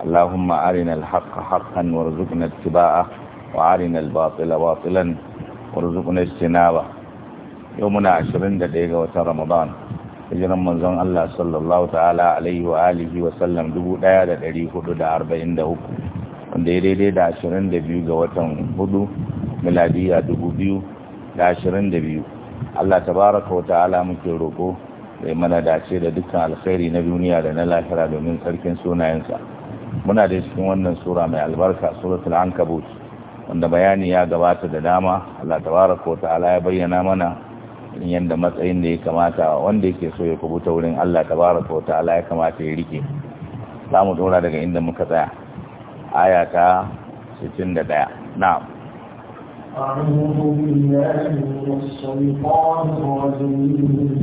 اللهم أرنا الحق حقا وارزقنا اتباعه وأرنا الباطل باطلا وارزقنا اجتنابه يومنا عشرين دقيقة وتر رمضان hijiran manzon Allah sallallahu ta'ala alaihi wa alihi wa sallam 1443 wanda ya daidai da 22 ga watan hudu miladiya 2022 Allah tabaraka wa ta'ala muke roko da mana dace da dukkan alkhairi na duniya da na lahira domin sarkin sunayensa muna da cikin wannan sura mai albarka suratul ankabut wanda bayani ya gabata da dama Allah tabaraka wa ta'ala ya bayyana mana yanda matsayin da ya kamata wanda yake so ya kubuta wurin Allah tabaraka wa ta'ala ya kamata ya rike zamu dora daga inda muka tsaya aya ta 61 na'am أعوذ بالله من الشيطان الرجيم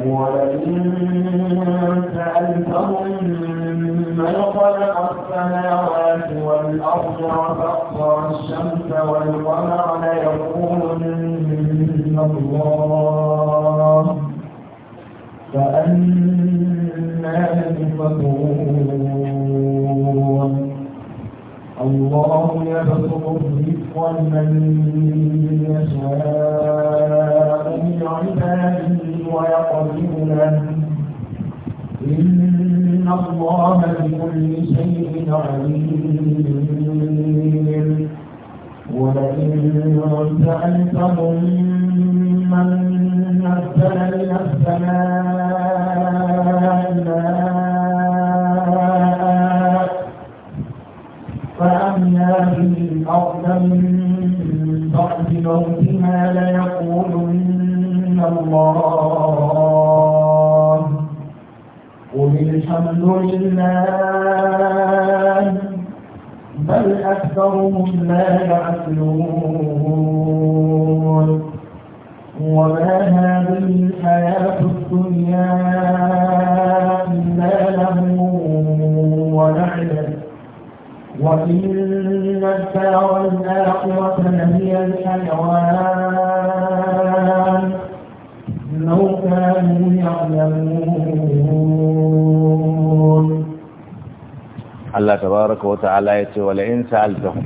ولئن سألتهم من خلق السماوات والأرض وفقر الشمس والقمر ليقولن الله فأنا يؤفكون الله يبسط الرزق لمن يشاء من عباده ويقدر إن الله بكل شيء عليم ولئن سألتهم من نزل من السماء ماء فأحيا به الأرض من بعد موتها ليقولن الله نقول الحمد لله بل أكثرهم لا يعقلون وما هذه الحياة الدنيا إلا له ولعنة وإن الدار الآخرة لهي الحيوان لو كانوا يعلمون Allah tabaraka wa ta'ala ya ce wala in sa'altahum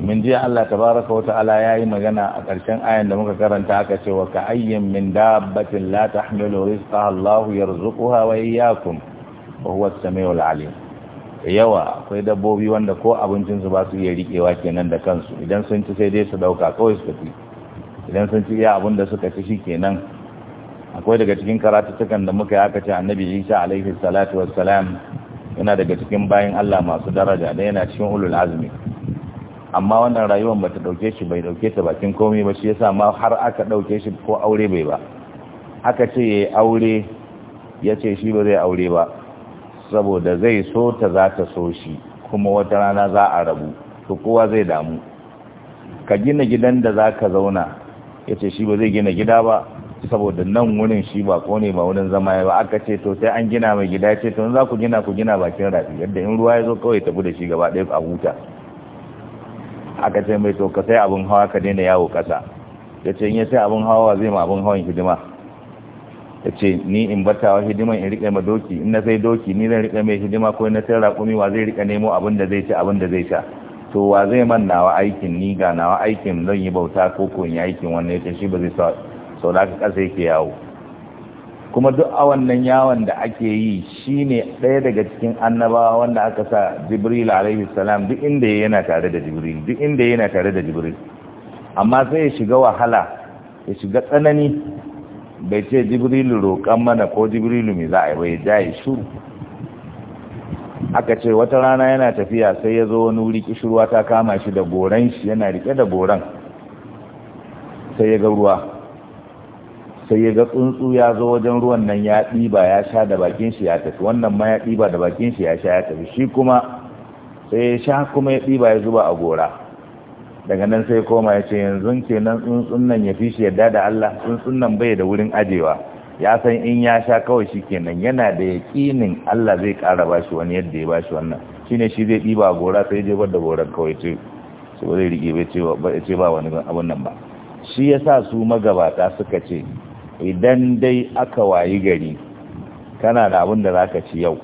min jiya Allah tabaraka wa ta'ala yayi magana a ƙarshen ayan da muka karanta aka ce wa ka ayyin min dabbatin la tahmilu rizqaha Allah yarzuquha wa iyyakum wa huwa as-sami'ul 'alim yawa akwai dabbobi wanda ko abincin su ba su iya rikewa kenan da kansu idan sun ci sai dai su dauka kawai su tafi idan sun ci iya abin da suka ci shikenan akwai daga cikin karatutukan da muka yi aka ce annabi Isa alaihi salatu wassalam yana daga cikin bayan Allah masu daraja da yana cikin ulul azmi amma wannan rayuwar ba ta dauke shi bai dauke ta bakin komai ba shi yasa ma har aka dauke shi ko aure bai ba aka ce yayi aure yace shi ba zai aure ba saboda zai so ta za ta so shi kuma wata rana za a rabu to kowa zai damu ka gina gidan da za ka zauna yace shi ba zai gina gida ba saboda nan wurin shi ba ne ba wurin zama ya ba aka ce to sai an gina mai gida ce to za ku gina ku gina bakin rafi yadda in ruwa ya zo kawai tafi da shi gaba ɗaya a huta aka ce mai to ka sai abin hawa ka daina yawo ƙasa ya ce in ya sai abin hawa zai ma abin hawan hidima ya ce ni in batawa hidiman in riƙe ma doki in na sai doki ni zan riƙe mai hidima ko na sai raƙumi wa zai riƙe nemo abin da zai ci abin da zai sha to wa zai man nawa aikin ni ga nawa aikin zan yi bauta ko ko in yi aikin wannan ya ce shi ba zai sa sau da aka ƙasa yake yawo kuma duk a wannan yawon da ake yi shi ne ɗaya daga cikin annabawa wanda aka sa jibril alaihi salam duk inda yana tare da jibril duk inda yana tare da jibril amma sai ya shiga wahala ya shiga tsanani bai ce jibril roƙon mana ko jibril mai za a yi ja ya shuru aka ce wata rana yana tafiya sai ya zo wani wuri kishirwa ta kama shi da goran shi yana rike da goran sai ya ga ruwa sai ya ga tsuntsu ya zo wajen ruwan nan ya ɗiba ya sha da bakin shi ya tafi wannan ma ya ɗiba da bakin shi ya sha ya tafi shi kuma sai ya sha kuma ya ɗiba ya zuba a gora daga nan sai koma ya ce yanzu kenan tsuntsun nan ya fi shi yadda da Allah tsuntsun nan bai da wurin ajewa ya san in ya sha kawai shi kenan yana da yaƙinin Allah zai ƙara ba shi wani yadda ya ba shi wannan shine shi zai ɗiba a gora sai je bar da goran kawai ce ba zai riƙe ba ce ba wani abun nan ba shi yasa su magabata suka ce idan dai aka wayi gari kana da abin da zaka ci yau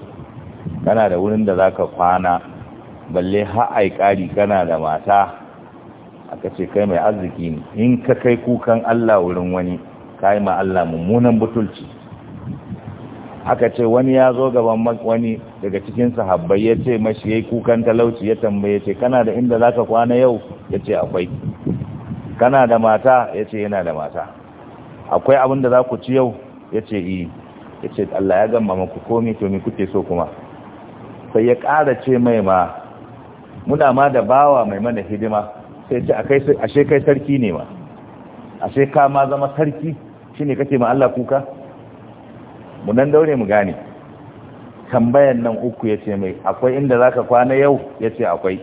kana da wurin da zaka kwana balle ha'ai ƙari kana da mata aka ce kai mai arziki ne in ka kai kukan Allah wurin wani kai ma Allah mummunan butulci aka ce wani ya zo gaban wani daga cikin sahabbai ya ce mashi ya yi kukan talauci ya tambaye ce kana da inda za kwana yau ya ce akwai kana da mata ya ce yana da mata akwai abin da za ku ci yau ya ce yi eh. ya ce Allah ya gama maku komi to mi kuke so kuma sai ya ƙara ce mai ma muna ma da bawa mai mana hidima sai ce ashe kai sarki ne ma ashe ka ma zama sarki shi ne kake ma Allah kuka mu nan daure mu gane tambayan nan uku ya ce mai akwai inda za ka kwana yau ya ce akwai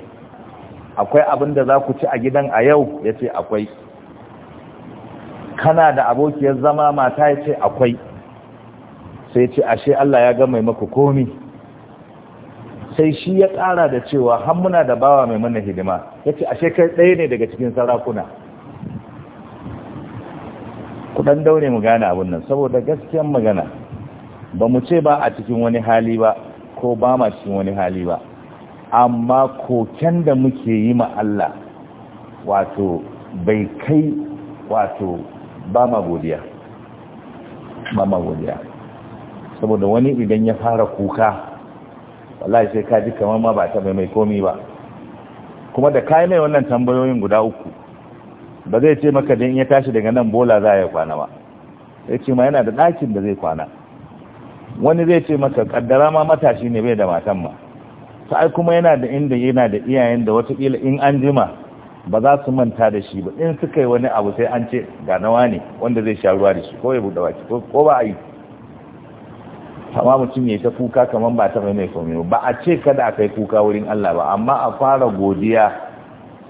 akwai abin da za ku ci a gidan a yau ya ce akwai kana da abokiyar zama mata ya ce akwai sai ce ashe Allah ya ga mai maku komi sai shi ya tsara da cewa har muna da bawa mai mana hidima ya ce ashe kai ɗaya ne daga cikin sarakuna kudan daure mu gane abin nan saboda gaskiyan magana ba mu ce ba a cikin wani hali ba ko ba ma cikin wani hali ba amma koken da muke yi ma Allah wato bai kai wato ba ma godiya ba ma godiya saboda wani idan ya fara kuka wallahi sai ka ji kamar ma ba ta mai mai komi ba kuma da kai mai wannan tambayoyin guda uku ba zai ce maka dan ya tashi daga nan bola za ya kwana ba sai ce ma yana da ɗakin da zai kwana wani zai ce maka kaddara ma matashi ne bai da matan ma sai kuma yana da inda yana da iyayen da wata watakila in an jima ba za su manta da shi ba in suka yi wani abu sai an ce ga nawa ne wanda zai sha ruwa da shi ko ya buɗe baki ko ba a yi amma mutum ya ta kuka kamar ba ta mai mai komai ba a ce kada a kai kuka wurin Allah ba amma a fara godiya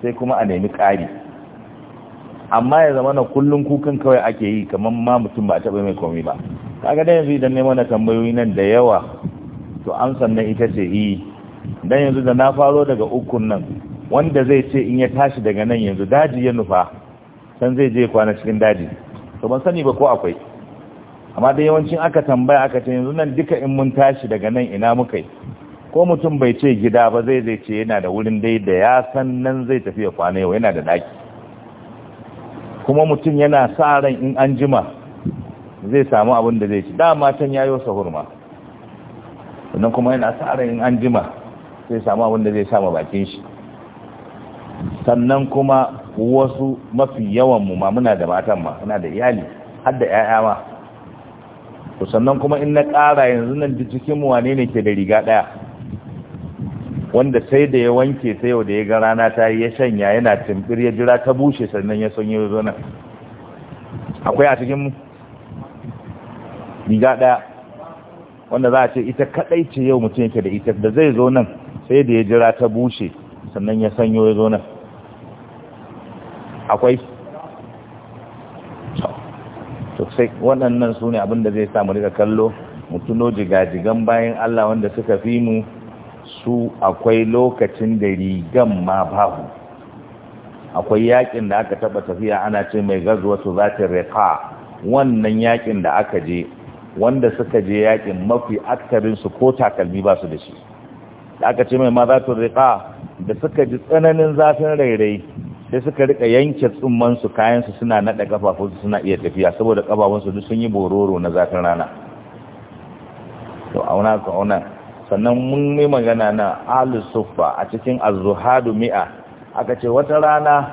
sai kuma a nemi ƙari amma ya zama na kullum kukan kawai ake yi kamar ma mutum ba a taɓa mai komai ba kaga da yanzu idan neman tambayoyi nan da yawa to amsan nan ita ce yi eh. dan yanzu da na faro daga ukun nan wanda zai ce in ya tashi daga nan yanzu daji ya nufa san zai je kwana cikin daji to ban sani ba ko akwai amma da yawancin aka tambaya aka ce yanzu nan duka in mun tashi daga nan ina muka yi ko mutum bai ce gida ba zai zai ce yana da wurin dai da ya san nan zai tafi ya kwana yau yana da daki kuma mutum yana sa ran in an jima zai samu abin da zai ci dama can yayo sahurma sannan kuma yana sa ran in an jima zai samu abin da zai sa ma bakin shi sannan kuma wasu mafi yawan mu ma muna da matan ma muna da iyali har da 'ya'ya ma sannan kuma in na ƙara yanzu nan ji cikin mu wane ne ke da riga ɗaya wanda sai da ya wanke sai yau da ya ga rana ta yi ya shanya yana timbir ya jira ta bushe sannan ya sonye zo nan akwai a cikin mu riga ɗaya wanda za a ce ita kaɗai ce yau mutum yake da ita da zai zo nan sai da ya jira ta bushe sannan ya sanyo ya zo nan akwai to sai waɗannan su ne abinda zai samu mu rika kallo mutuno jiga jigajigan bayan Allah wanda suka fi mu su akwai lokacin da rigan ma babu akwai yakin da aka taba tafiya ana ce mai gazwatu zatin riqa wannan yakin da aka je wanda suka je yakin mafi aksarinsu ko takalmi ba su da shi da aka ce mai ma zatin riqa da suka ji tsananin zafin rairai sai suka rika yanke su tsumman kayan su suna naɗa kafafunsu suna iya tafiya saboda kafafunsu duk sun yi bororo na zafin rana to auna ka auna sannan mun yi magana na ahlus suffa a cikin az-zuhadu mi'a aka ce wata rana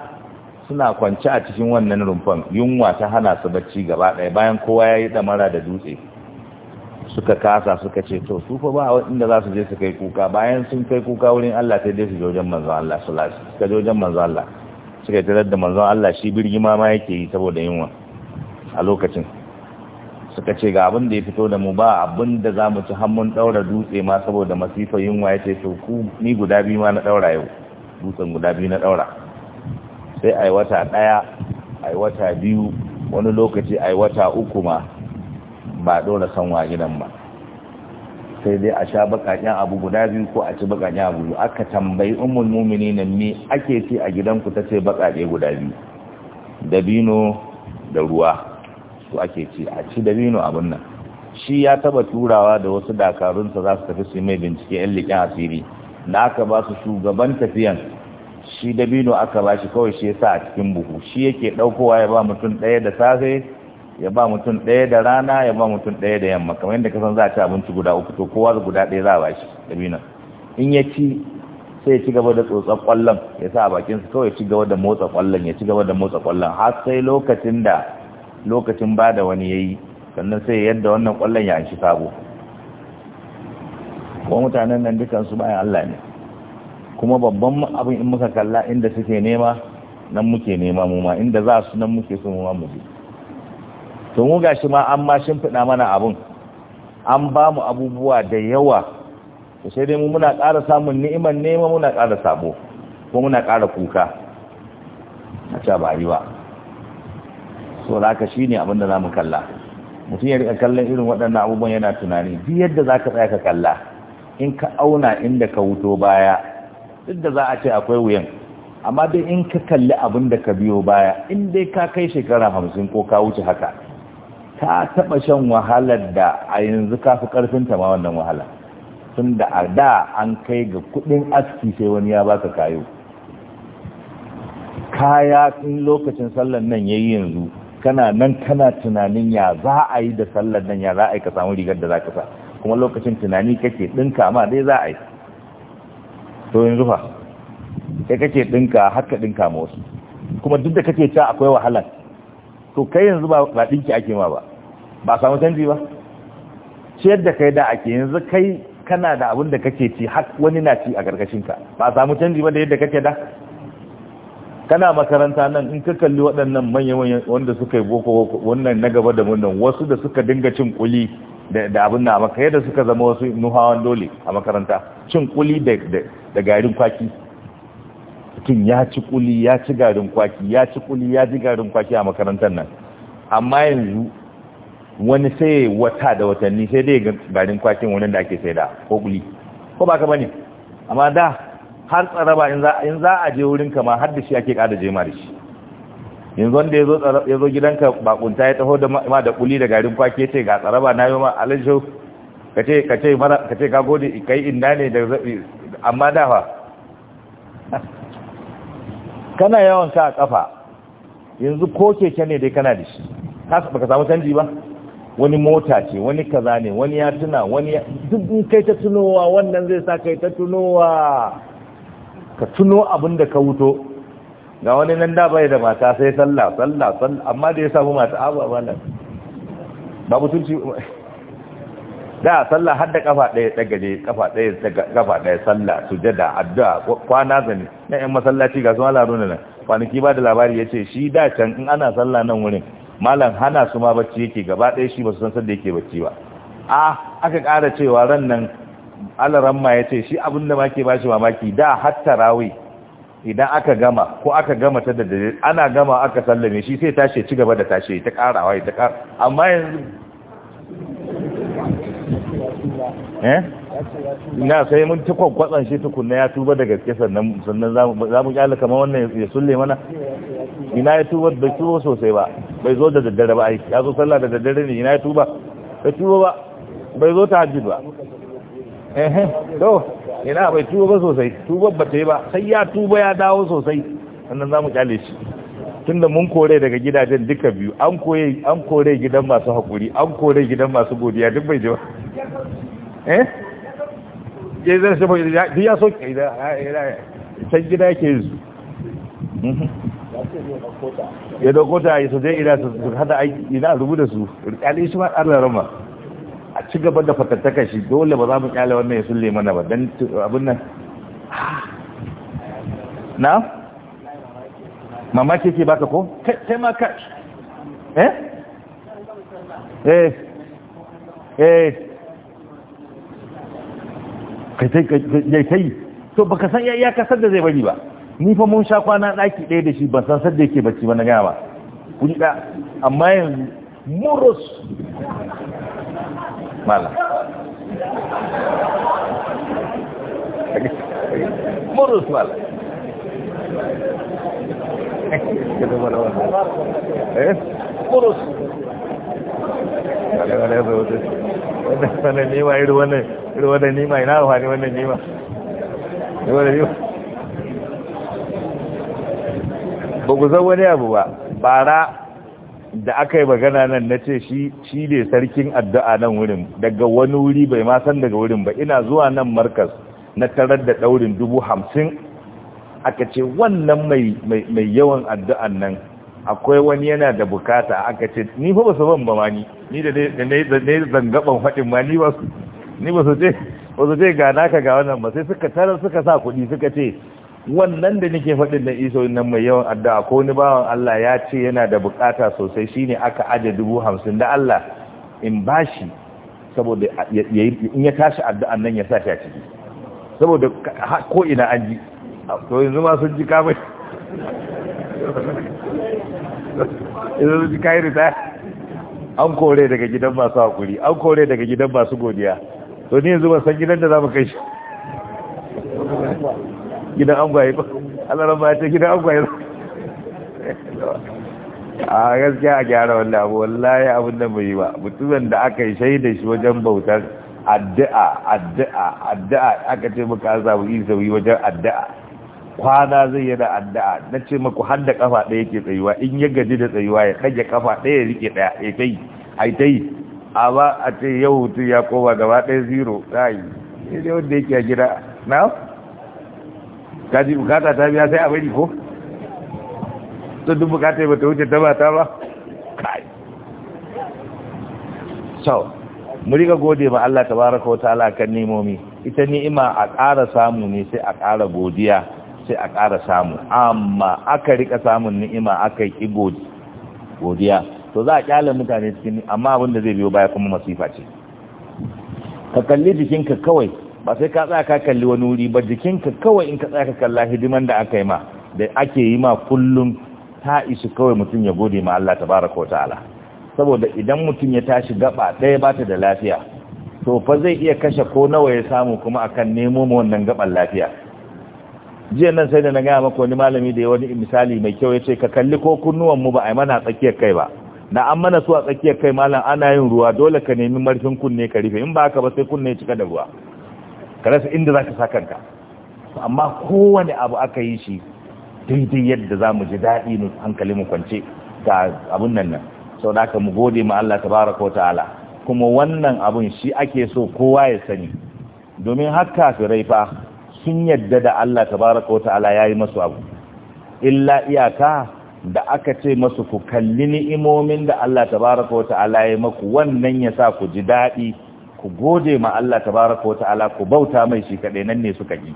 suna kwance a cikin wannan rumfan yunwa ta hana su bacci gaba ɗaya bayan kowa ya yi damara da dutse suka kasa suka ce to su fa ba inda za su je su kai kuka bayan sun kai kuka wurin Allah sai dai su je wajen Allah sallallahu alaihi suka je wajen Allah suka tarar da manzon Allah shi birgima ma yake yi saboda yunwa a lokacin suka ce ga abin da ya fito da mu ba abin da za mu ci hannun ɗaura dutse ma saboda masifa yunwa ya ce ku ni guda biyu ma na ɗaura yau dutsen guda biyu na ɗaura sai a wata ɗaya a wata biyu wani lokaci a wata uku ma ba ɗora sanwa gidan ba sai dai a sha bakaƙen abu guda biyu ko a ci bakaƙen abu biyu aka tambayi ummul mu'minin me ake ci a gidanku tace bakaƙe guda biyu dabino da ruwa to ake ci a ci dabino abin nan shi ya taba turawa da wasu dakarunsa za su tafi su mai bincike yan liƙin asiri da aka ba su shugaban tafiyan shi dabino aka ba shi kawai shi ya sa a cikin buhu shi yake ɗaukowa ya ba mutum ɗaya da safe ya ba mutum ɗaya da rana ya ba mutum ɗaya da yamma kamar yadda kasan za a ci abinci guda uku to kowa guda ɗaya za a bashi dabinan in ya ci sai ya ci gaba da tsotsar kwallon ya sa a su kawai ya ci gaba da motsa kwallon ya ci gaba da motsa kwallon har sai lokacin da lokacin ba da wani yayi yi sannan sai yadda wannan kwallon ya shi sabo kuma mutanen nan su bayan Allah ne kuma babban abin in muka kalla inda suke nema nan muke nema mu ma inda za su nan muke so mu ma mu je to mu shi ma an ma shimfiɗa mana abun an ba mu abubuwa da yawa to sai dai mu muna ƙara samun ni'imar nema muna ƙara sabo ko muna ƙara kuka a ca ba yi ba so ka shi ne da za mu kalla mutum ya rika kallon irin waɗannan abubuwan yana tunani bi yadda za ka tsaya ka kalla in ka auna inda ka wuto baya duk da za a ce akwai wuyan amma dai in ka kalli abin da ka biyo baya in dai ka kai shekara hamsin ko ka wuce haka ta taɓa shan wahalar da a yanzu kafi ƙarfinta ma wannan wahala tun da a da an kai ga kuɗin aski sai wani ya baka kayo kaya tun lokacin sallar nan yi yanzu kana nan kana tunanin ya za a yi da sallar nan ya za a yi ka samu rigar da za ka sa kuma lokacin tunani kake ɗinka ma dai za a yi to yanzu fa sai kake ɗinka haka ɗinka ma wasu kuma duk da kake ta akwai wahala to kai yanzu ba ɗinki ake ma ba ba samu canji ba ciyar da kai da ake yanzu kai kana da abin da kake ci har wani na ci a ka ba samu canji ba da yadda kake da kana makaranta nan in ka kalli waɗannan manya-manyan wanda suka yi boko wannan na gaba da wannan wasu da suka dinga cin kuli da abin na maka yadda suka zama wasu nuhawan dole a makaranta cin kuli da garin kwaki tun ya ci kuli ya ci garin kwaki ya ci kuli ya ji garin kwaki a makarantar nan amma yanzu wani sai wata da watanni sai dai garin kwakin wani da ake sai da koguli ko ba ka bane amma da har tsaraba in za a je wurin kama har da shi ake kada jema da shi yanzu wanda ya zo gidanka bakunta ya taho da ma da kuli da garin kwaki ce ga tsaraba na yi ma alisho ka ce ka gode ka yi inda ne da zaɓi amma da fa kana yawan ka a kafa yanzu ko keke ne dai kana da shi ka samu canji ba wani mota ce wani kaza ne wani ya tuna wani duk in kai ta tunowa wannan zai sa kai ta tunowa ka tuno abin da ka wuto ga wani nan da bai da mata sai sallah sallah sallah amma da ya samu mata abu ah, nan ba mutunci da sallah har da kafa ɗaya ne kafa ɗaya kafa ɗaya sallah sujada addu'a kwana zane na yan masallaci ga su halaruna nan kwanaki ba da labari ya ce shi da can in ana sallah nan wurin malam hana su ma bacci yake gaba ɗaya shi ba su san sanda yake bacci ba a aka ƙara cewa ran nan Allah Ramma ya ce shi abin da make ba shi mamaki da hatta rawi idan aka gama ko aka gama ta da dare ana gama aka sallame shi sai tashi ci gaba da tashi ta ƙarawa ta ƙara amma yanzu eh na sai mun ta kwakwatsan shi tukunna ya tuba da gaske sannan sannan za mu kyale kamar wannan ya sulle mana ina ya tuba bai tuba sosai ba bai zo da daddare ba aiki ya zo sallah da daddare ne ina ya tuba bai tuba ba bai zo ta hajji ba ehe to ina bai tuba ba sosai tuba ba ta yi ba sai ya tuba ya dawo sosai sannan za mu kyale shi tunda mun kore daga gidajen duka biyu an koye an kore gidan masu haƙuri an kore gidan masu godiya duk bai jiwa eh ya zai shi ya so can gida yake yanzu mhm. ya dauko ta ya su ila su hada aiki rubu rubuta su rikali shi ma rama a ci gaba da fatattaka shi dole ba za mu kyale wannan ya sulle mana ba don abin nan na mamaki ke baka ko kai ma ka eh eh eh kai kai kai to baka san ya kasar da zai bari ba ni fa mun sha kwana ɗaki ɗaya da shi ban san sadda yake bacci ba na gaya ba kun ɗa amma yanzu murus mala muros mala nima nima ina nima ba ku san wani abu ba bara da aka yi magana nan na ce shi ne sarkin addu'a nan wurin daga wani wuri bai ma san daga wurin ba ina zuwa nan markas na tarar da ɗaurin dubu hamsin aka ce wannan mai yawan addu'an nan akwai wani yana da bukata aka ce ni ba su ban ba ma ni ni da ne zangaban faɗin ma ni ba su ce ga naka ga wannan ba sai suka tarar suka sa kuɗi suka ce wannan da nake faɗin da iso nan mai yawan addu'a ko ni bawan Allah ya ce yana da bukata sosai shine aka aje dubu hamsin da Allah in bashi saboda in ya tashi addu'an nan ya sa shi a ciki saboda ko ina an ji to yanzu ma sun ji kamai yanzu sun ji kayi rita an kore daga gidan masu hakuri an kore daga gidan masu godiya to ni yanzu ba san gidan da za mu kai shi gidan angwaye ba alaran ba ta ce gidan angwaye a gaskiya a gyara wanda abu wallaye abin da mai ba mutumin da aka yi shaida shi wajen bautar addu'a addu'a addu'a aka ce muka an samu sauyi wajen addu'a kwana zai yana addu'a na ce maku har da kafa ɗaya ke tsayuwa in ya gaji da tsayuwa ya kage kafa ɗaya ya rike ɗaya ya kai ai ta amma a ce yau mutum ya koma gaba ɗaya zero ta yi ne wanda yake a gida na kaji bukata ta biya sai a bari ko to duk bukata ba ta wuce ta ba ta ba kai so mu riga gode ma Allah tabaraka wa ta'ala kan nemomi ita ni'ima a ƙara samu ne sai a ƙara godiya sai a ƙara samu amma aka rika samun ni'ima aka yi godiya to za a kyale mutane cikin amma abin da zai biyo baya kuma masifa ce ka kalli jikinka kawai ba sai ka tsaya ka kalli wani wuri ba jikinka kawai in ka tsaya ka kalla hidiman da aka yi ma da ake yi ma kullum ta isu kawai mutum ya gode ma Allah tabaraka wa ta'ala saboda idan mutum ya tashi gaba ɗaya ba ta da lafiya to fa zai iya kashe ko nawa ya samu kuma akan nemo ma wannan gaban lafiya jiya nan sai da na gaya maka wani malami da ya wani misali mai kyau ya ce ka kalli ko kunnuwan mu ba a yi mana tsakiyar kai ba na an mana su a tsakiyar kai malam ana yin ruwa dole ka nemi marfin kunne ka rufe in ba haka ba sai kunne ya cika da ruwa ka rasa inda za ka sa kanka amma kowane abu aka yi shi daidai yadda za mu ji daɗi mu hankali mu kwance ga abun nan nan sau da mu gode ma Allah tabaraka wa ta'ala kuma wannan abun shi ake so kowa ya sani domin har kafirai fa sun yadda da Allah tabaraka wa ta'ala ya yi masu abu illa iyaka da aka ce masu ku kalli ni'imomin da Allah tabaraka wa ta'ala ya yi maku wannan ya sa ku ji daɗi ku gode ma Allah tabaraka wa ta'ala ku bauta mai shi kaɗai nan ne suka yi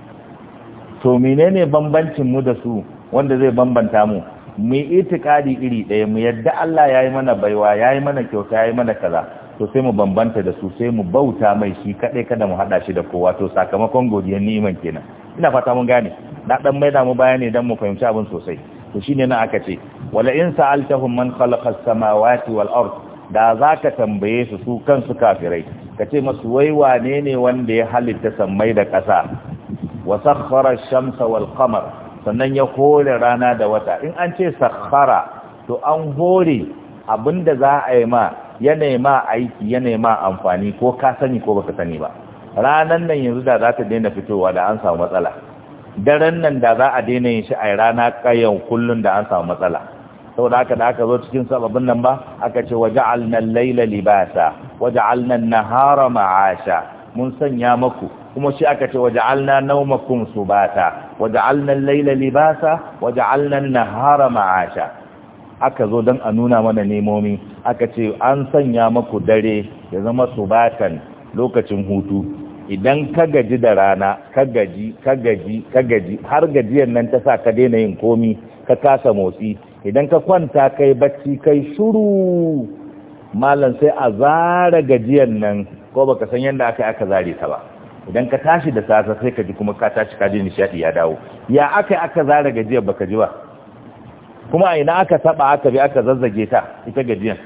to menene bambancin mu da su wanda zai bambanta mu mu itikadi iri ɗaya mu yadda Allah yayi mana baiwa yayi mana kyauta yayi mana kaza to sai mu bambanta da su sai mu bauta mai shi kaɗai kada mu haɗa shi da kowa to sakamakon godiyar ni'iman kenan ina fata mun gane na dan maida mu bayani dan mu fahimci abin sosai to shine na aka ce wala in sa'altahum man khalaqa as-samawati wal ard da za ka tambaye su su kansu kafirai ka ce masu wai ne ne wanda ya halitta sammai da ƙasa wa sakhara shamsa wal qamar sannan ya hore rana da wata in an ce sakhara to an hore abinda za a yi ma ya nema aiki ya nema amfani ko ka sani ko baka sani ba ranan nan yanzu da za ta daina fitowa da an samu matsala daren nan da za a daina yin shi a rana kayan kullun da an samu matsala saboda haka da aka zo cikin sababbin nan ba aka ce waja'alna al-laila libasa waja'alna an-nahara ma'asha mun sanya maku kuma shi aka ce waja'alna nawmakum subata waja'alna al-laila libasa waja'alna an-nahara ma'asha aka zo dan a nuna mana nemomi aka ce an sanya maku dare ya zama subatan lokacin hutu idan ka gaji da rana ka gaji ka gaji ka gaji har gajiyar nan ta sa ka daina yin komi ka kasa motsi idan ka kwanta kai bacci kai shuru malam sai a zara gajiyan nan ko baka san yadda aka aka zare ta ba idan ka tashi da sasa sai ka ji kuma ka tashi ka ji nishadi ya dawo ya aka aka zara gajiyar baka ji ba kuma a ina aka taba aka bi aka zazzage ta ita gajiyan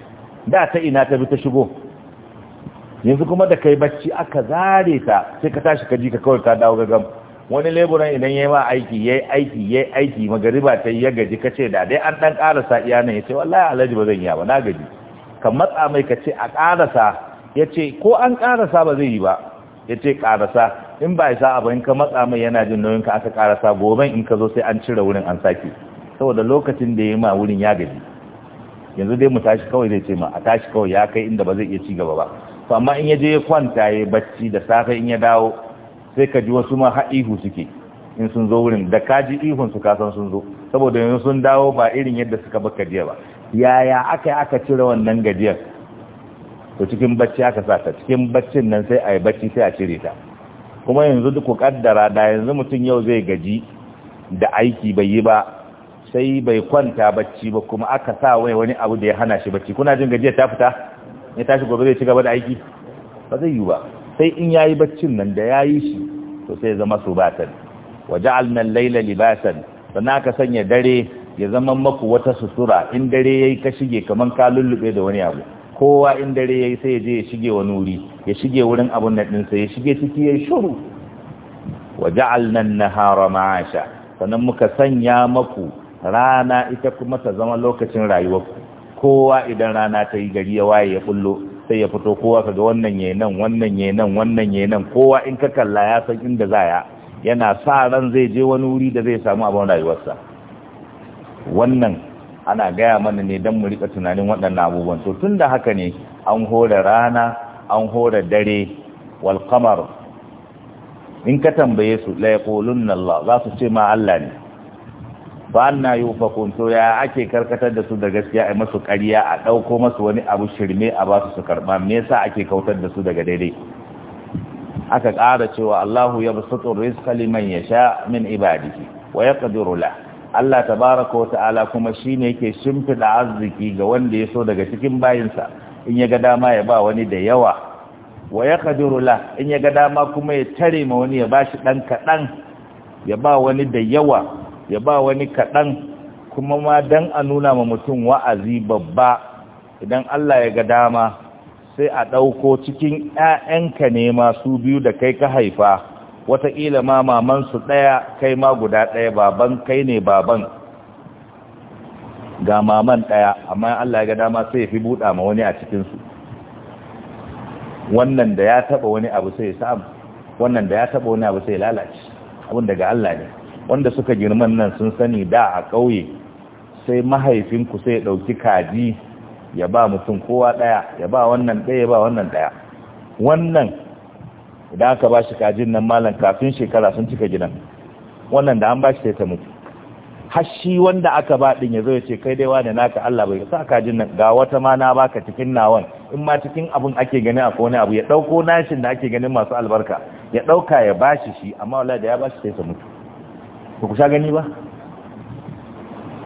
da ta ina ta bi ta shigo yanzu kuma da kai bacci aka zare ta sai ka tashi ka ji ka kawai ka dawo gagam wani leburan idan ya yi ma aiki ya yi aiki ya yi aiki ba ta ya gaji ka ce da dai an ɗan ƙarasa iya nan ya ce wallahi alhaji ba zan yi ba na gaji kan matsa mai ka ce a ƙarasa ya ce ko an ƙarasa ba zai yi ba ya ce ƙarasa in ba isa abu in ka matsa mai yana jin nauyin ka aka ƙarasa gobe in ka zo sai an cire wurin an sake saboda lokacin da ya yi ma wurin ya gaji yanzu dai mu tashi kawai zai ce ma a tashi kawai ya kai inda ba zai iya ci gaba ba to amma in ya je ya kwanta ya yi bacci da safe in ya dawo sai ka ji wasu ma ha'ihu suke in sun zo wurin da ka ji ihun su kasan sun zo saboda yanzu sun dawo ba irin yadda suka baka jiya ba yaya aka yi aka cire wannan gajiyar to cikin bacci aka sa ta cikin baccin nan sai a yi bacci sai a cire ta kuma yanzu duk kaddara da yanzu mutum yau zai gaji da aiki bai yi ba sai bai kwanta bacci ba kuma aka sa wai wani abu da ya hana shi bacci kuna jin gajiyar ta fita ya tashi gobe zai ci gaba da aiki ba zai yi ba sai in yayi baccin nan da yayi shi to sai zama subatan waja'alna al-layla libasan sannan ka sanya dare ya zama maku wata sutura in dare yayi ka shige kaman ka lullube da wani abu kowa in dare yayi sai ya je ya shige wani wuri ya shige wurin abun nan din sai ya shige ciki yayi shuru waja'alna an-nahara ma'asha sannan muka sanya maku rana ita kuma ta zama lokacin rayuwarku kowa idan rana ta yi gari ya waye ya bullo sai ya fito kowa kaga wannan ya nan wannan ya nan wannan ya nan kowa in ka kalla ya san inda za ya yana sa ran zai je wani wuri da zai samu abin rayuwarsa wannan ana gaya mana ne don mu rika tunanin waɗannan abubuwan to tun da haka ne an hore rana an hore dare wal qamar in ka tambaye su la yaqulunna Allah za su ce ma Allah ne ba na yi ufakun to ya ake karkatar da su da gaskiya a masu karya a ɗauko masu wani abu shirme a ba su su karɓa me yasa ake kautar da su daga daidai aka ƙara cewa Allahu ya basutu rizqa liman yasha min ibadi. wa yaqdiru la Allah tabaaraka wa ta'ala kuma shine yake shimfida arziki ga wanda ya so daga cikin bayinsa in ya ga dama ya ba wani da yawa wa yaqdiru la in ya ga dama kuma ya tare ma wani ya bashi dan kadan ya ba wani da yawa ya ba wani kaɗan kuma ma don a nuna ma mutum wa'azi babba idan Allah ya ga dama sai a ɗauko cikin ‘ya'yanka ne masu biyu da kai ka haifa wataƙila ma mamansu ɗaya kai ma guda ɗaya baban kai ne baban ga maman ɗaya amma Allah ya ga dama sai ya fi buɗa ma wani a cikinsu wannan da ya taɓa wani abu sai ya samu wannan da ya taɓa wani abu sai ya lalace abin daga Allah ne wanda suka girman nan sun sani da a ƙauye sai mahaifinku sai ya ɗauki kaji ya ba mutum kowa ɗaya ya ba wannan ɗaya ya ba wannan ɗaya wannan idan aka ba shi kajin nan malam kafin shekara sun cika gidan wannan da an ba shi sai ta mutu Hashi wanda aka ba din ya zo ya ce kai dai wani naka Allah bai sa kajin nan ga wata ma na baka cikin nawan in ma cikin abun ake gani a kone abu ya ɗauko nashin da ake ganin masu albarka ya ɗauka ya bashi shi amma wala da ya ba sai ta mutu ba ku sha gani ba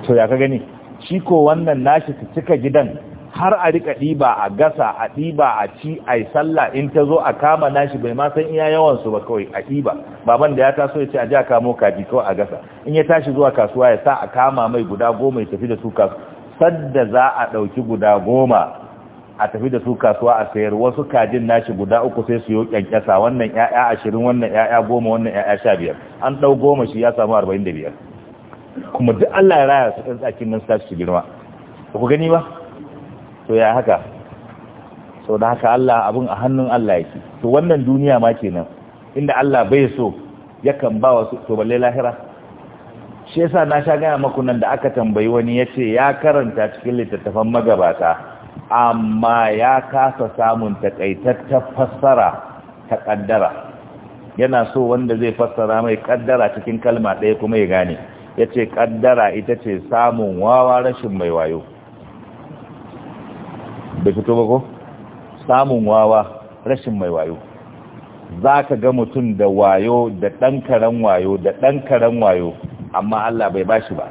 to ya ka gani shi ko wannan nashi su cika gidan har a rika ɗiba a gasa a ɗiba a ci a yi sallah in ta zo a kama nashi bai ma san iya yawansu ba kawai a ɗiba baban da ya taso ya ce a ji a kamo kaji kawai a gasa in ya tashi zuwa kasuwa ya sa a kama mai guda goma ya tafi da su kasu sadda za a ɗauki guda goma a tafi da su kasuwa a sayar wasu kajin nashi guda uku sai su yi kyankyasa wannan 'ya'ya ashirin wannan 'ya'ya goma wannan 'ya'ya sha biyar an ɗau goma shi ya samu arba'in da biyar kuma duk Allah ya raya su ɗan tsakin nan su su girma ba ku gani ba to ya haka sau da haka Allah abin a hannun Allah yake to wannan duniya ma kenan inda Allah bai so yakan ba wasu to balle lahira shi yasa na sha gaya maku nan da aka tambayi wani ya ce ya karanta cikin littattafan magabata amma ya kasa samun takaitattar fassara ta kaddara yana so wanda zai fassara mai kaddara cikin kalma ɗaya kuma ya gane ya ce kaddara ita ce samun wawa rashin mai wayo Da fito ba samun wawa rashin mai wayo za ka ga mutum da wayo da ɗan karen wayo da ɗan karen wayo amma Allah bai bashi ba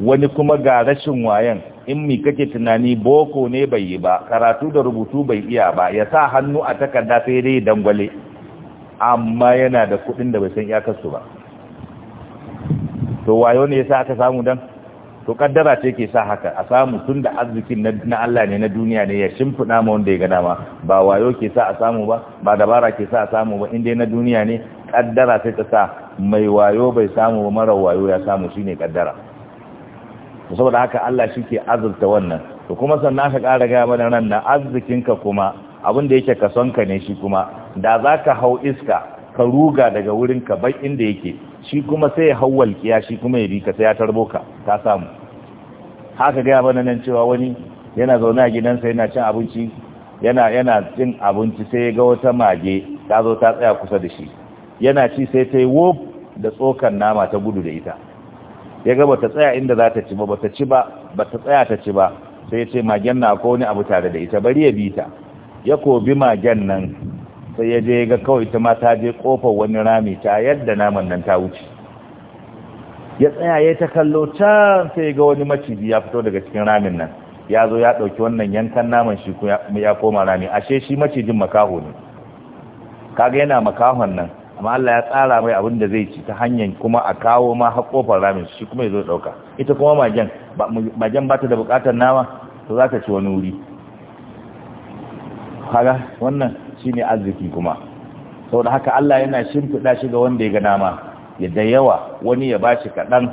wani kuma ga rashin wayan in mi kake tunani boko ne bai yi ba karatu da rubutu bai iya ba ya sa hannu a takarda sai dai dangwale amma yana da kudin da bai san kasu ba to wayo ne yasa aka samu dan to kaddara ce ke sa haka a samu tun da arzikin na Allah ne na duniya ne ya shimfida ma wanda ya gana ma ba wayo ke sa a samu ba ba dabara ke sa a samu ba inda na duniya ne kaddara sai ta sa mai wayo bai samu ba mara wayo ya samu shine kaddara to saboda haka Allah shi ke azurta wannan to kuma sannan ka kara gaya mana nan na ka kuma abin da yake ka ne shi kuma da za ka hau iska ka ruga daga wurin ka bai inda yake shi kuma sai ya hau walƙiya shi kuma ya rika ka sai ya tarbo ka ta samu haka gaya mana nan cewa wani yana zaune a gidansa yana cin abinci yana yana cin abinci sai ya ga wata mage ta zo ta tsaya kusa da shi yana ci sai ta yi wof da tsokan nama ta gudu da ita ya ga bata tsaya inda za ta ci ba bata ci ba bata tsaya ta ci ba sai ya ce magen na ko wani abu tare da ita bari ya bi ta ya kobi magen nan sai ya je ga kawai ta ma ta je kofar wani rami ta yadda naman nan ta wuce ya tsaya ya ta kallo can sai ga wani maciji ya fito daga cikin ramin nan ya zo ya ɗauki wannan yankan naman shi ya koma rami ashe shi macijin makaho ne kaga yana makahon nan amma Allah ya tsara mai abin da zai ci ta hanyar kuma a kawo ma haƙofar ramin shi kuma ya zo ɗauka ita kuma magen majan ba ta da buƙatar nama to za ta ci wani wuri kaga wannan shi ne arziki kuma sau da haka Allah yana shimfiɗa shi ga wanda ya ga nama ya da yawa wani ya ba shi kaɗan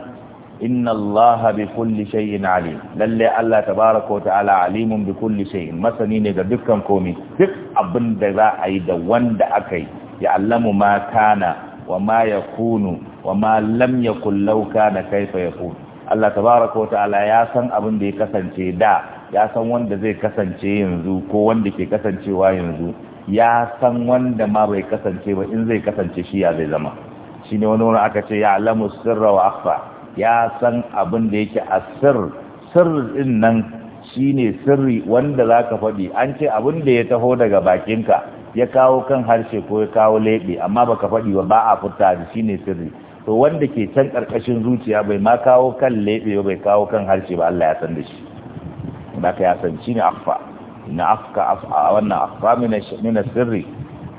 inna Allah bi kulli shay'in alim lalle Allah tabaaraka wa ta'ala alimun bi kulli shay'in masani ne ga dukkan komai duk abin da za a yi da wanda aka yi ya'lamu ma kana wa ma yakunu wa ma lam yakul law kana kaifa yakun Allah tabaaraka wa ta'ala ya san abin da ya kasance da ya san wanda zai kasance yanzu ko wanda ke kasancewa yanzu ya san wanda ma bai kasance ba in zai kasance shi ya zai zama shi ne wani wani aka ce ya alamu sirra wa akfa ya san abin da yake a sir sir din nan shi ne sirri wanda za ka faɗi an ce abin da ya taho daga bakinka ya kawo kan harshe ko ya kawo leɓe amma baka faɗi wa ba a furta da shi ne sirri to wanda ke can ƙarƙashin zuciya bai ma kawo kan leɓe ba bai kawo kan harshe ba Allah ya san da shi baka ya san ne afa na afka af'a wannan afa min sirri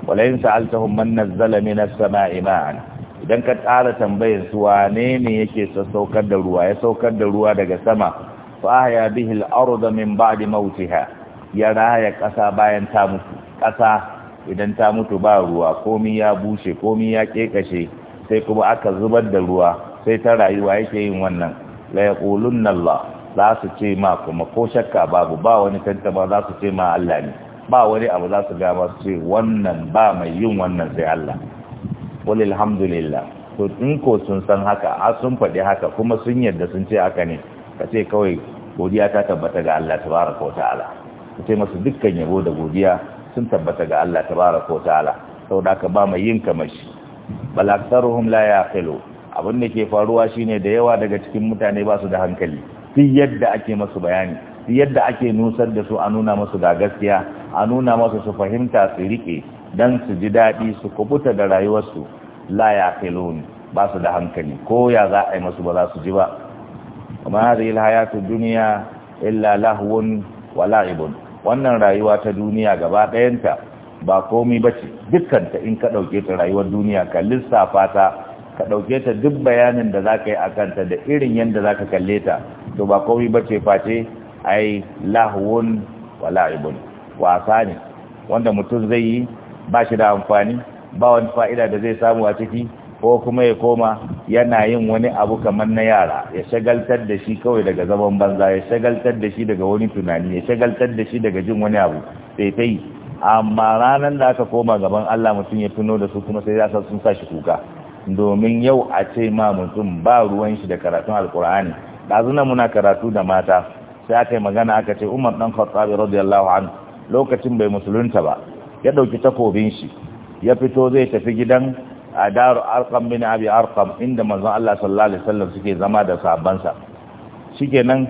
wala in sa'altahum man nazzala min as-sama'i ma'an idan ka tsara tambayar su wane ne yake saukar da ruwa ya saukar da ruwa daga sama fa ahya bihi al min ba'di mawtiha ya raya ƙasa bayan ta mutu ƙasa idan ta mutu ba ruwa komi ya bushe komi ya kekashe sai kuma aka zubar da ruwa sai ta rayuwa yake yin wannan la yaqulunna Allah za su ce ma kuma ko shakka babu ba wani tantama za su ce ma Allah ne ba wani abu za su ga ba su ce wannan ba mai yin wannan sai Allah walil hamdulillah to in ko sun san haka a sun faɗi haka kuma sun yarda sun ce haka ne ka ce kawai godiya ta tabbata ga Allah tabaraka wa ta'ala ka ce masu dukkan yabo da godiya sun tabbata ga Allah tabaraka wa sau saboda aka ba mai yin kamashi. shi bal laya la yaqilu abin da ke faruwa shine da yawa daga cikin mutane ba su da hankali fi yadda ake masu bayani fi yadda ake nusar da su a nuna masu ga gaskiya a nuna masu su fahimta su rike dan su ji daɗi su kubuta da rayuwarsu la yaqilun ba su da hankali ko ya za a yi masu ba za su ji ba kuma hadhihi alhayatu dunya illa lahwun wa la'ibun wannan rayuwa ta duniya gaba ɗayanta ba komi ba ce dukkanta in ka ɗauke ta rayuwar duniya ka lissafa ta ka ɗauke ta duk bayanin da za ka yi a kanta da irin yadda za ka kalle ta to ba komi ba ce face ai lahuwun wa wasa ne wanda mutum zai yi ba shi da amfani ba wani fa'ida da zai samu a ciki ko kuma ya koma yana yin wani abu kamar na yara ya shagaltar da shi kawai daga zaman banza ya shagaltar da shi daga wani tunani ya shagaltar da shi daga jin wani abu sai ta yi amma ranar da aka koma gaban Allah mutum ya tuno da su kuma sai ya sun sa shi kuka domin yau a ce ma mutum ba ruwan shi da karatun alkur'ani ɗazunan muna karatu da mata sai aka yi magana aka ce umar ɗan khattabi radiyallahu anhu lokacin bai musulunta ba ya ɗauki takobin shi ya fito zai tafi gidan a daru arqam bin abi arqam inda manzon Allah sallallahu alaihi wasallam suke zama da shike shikenan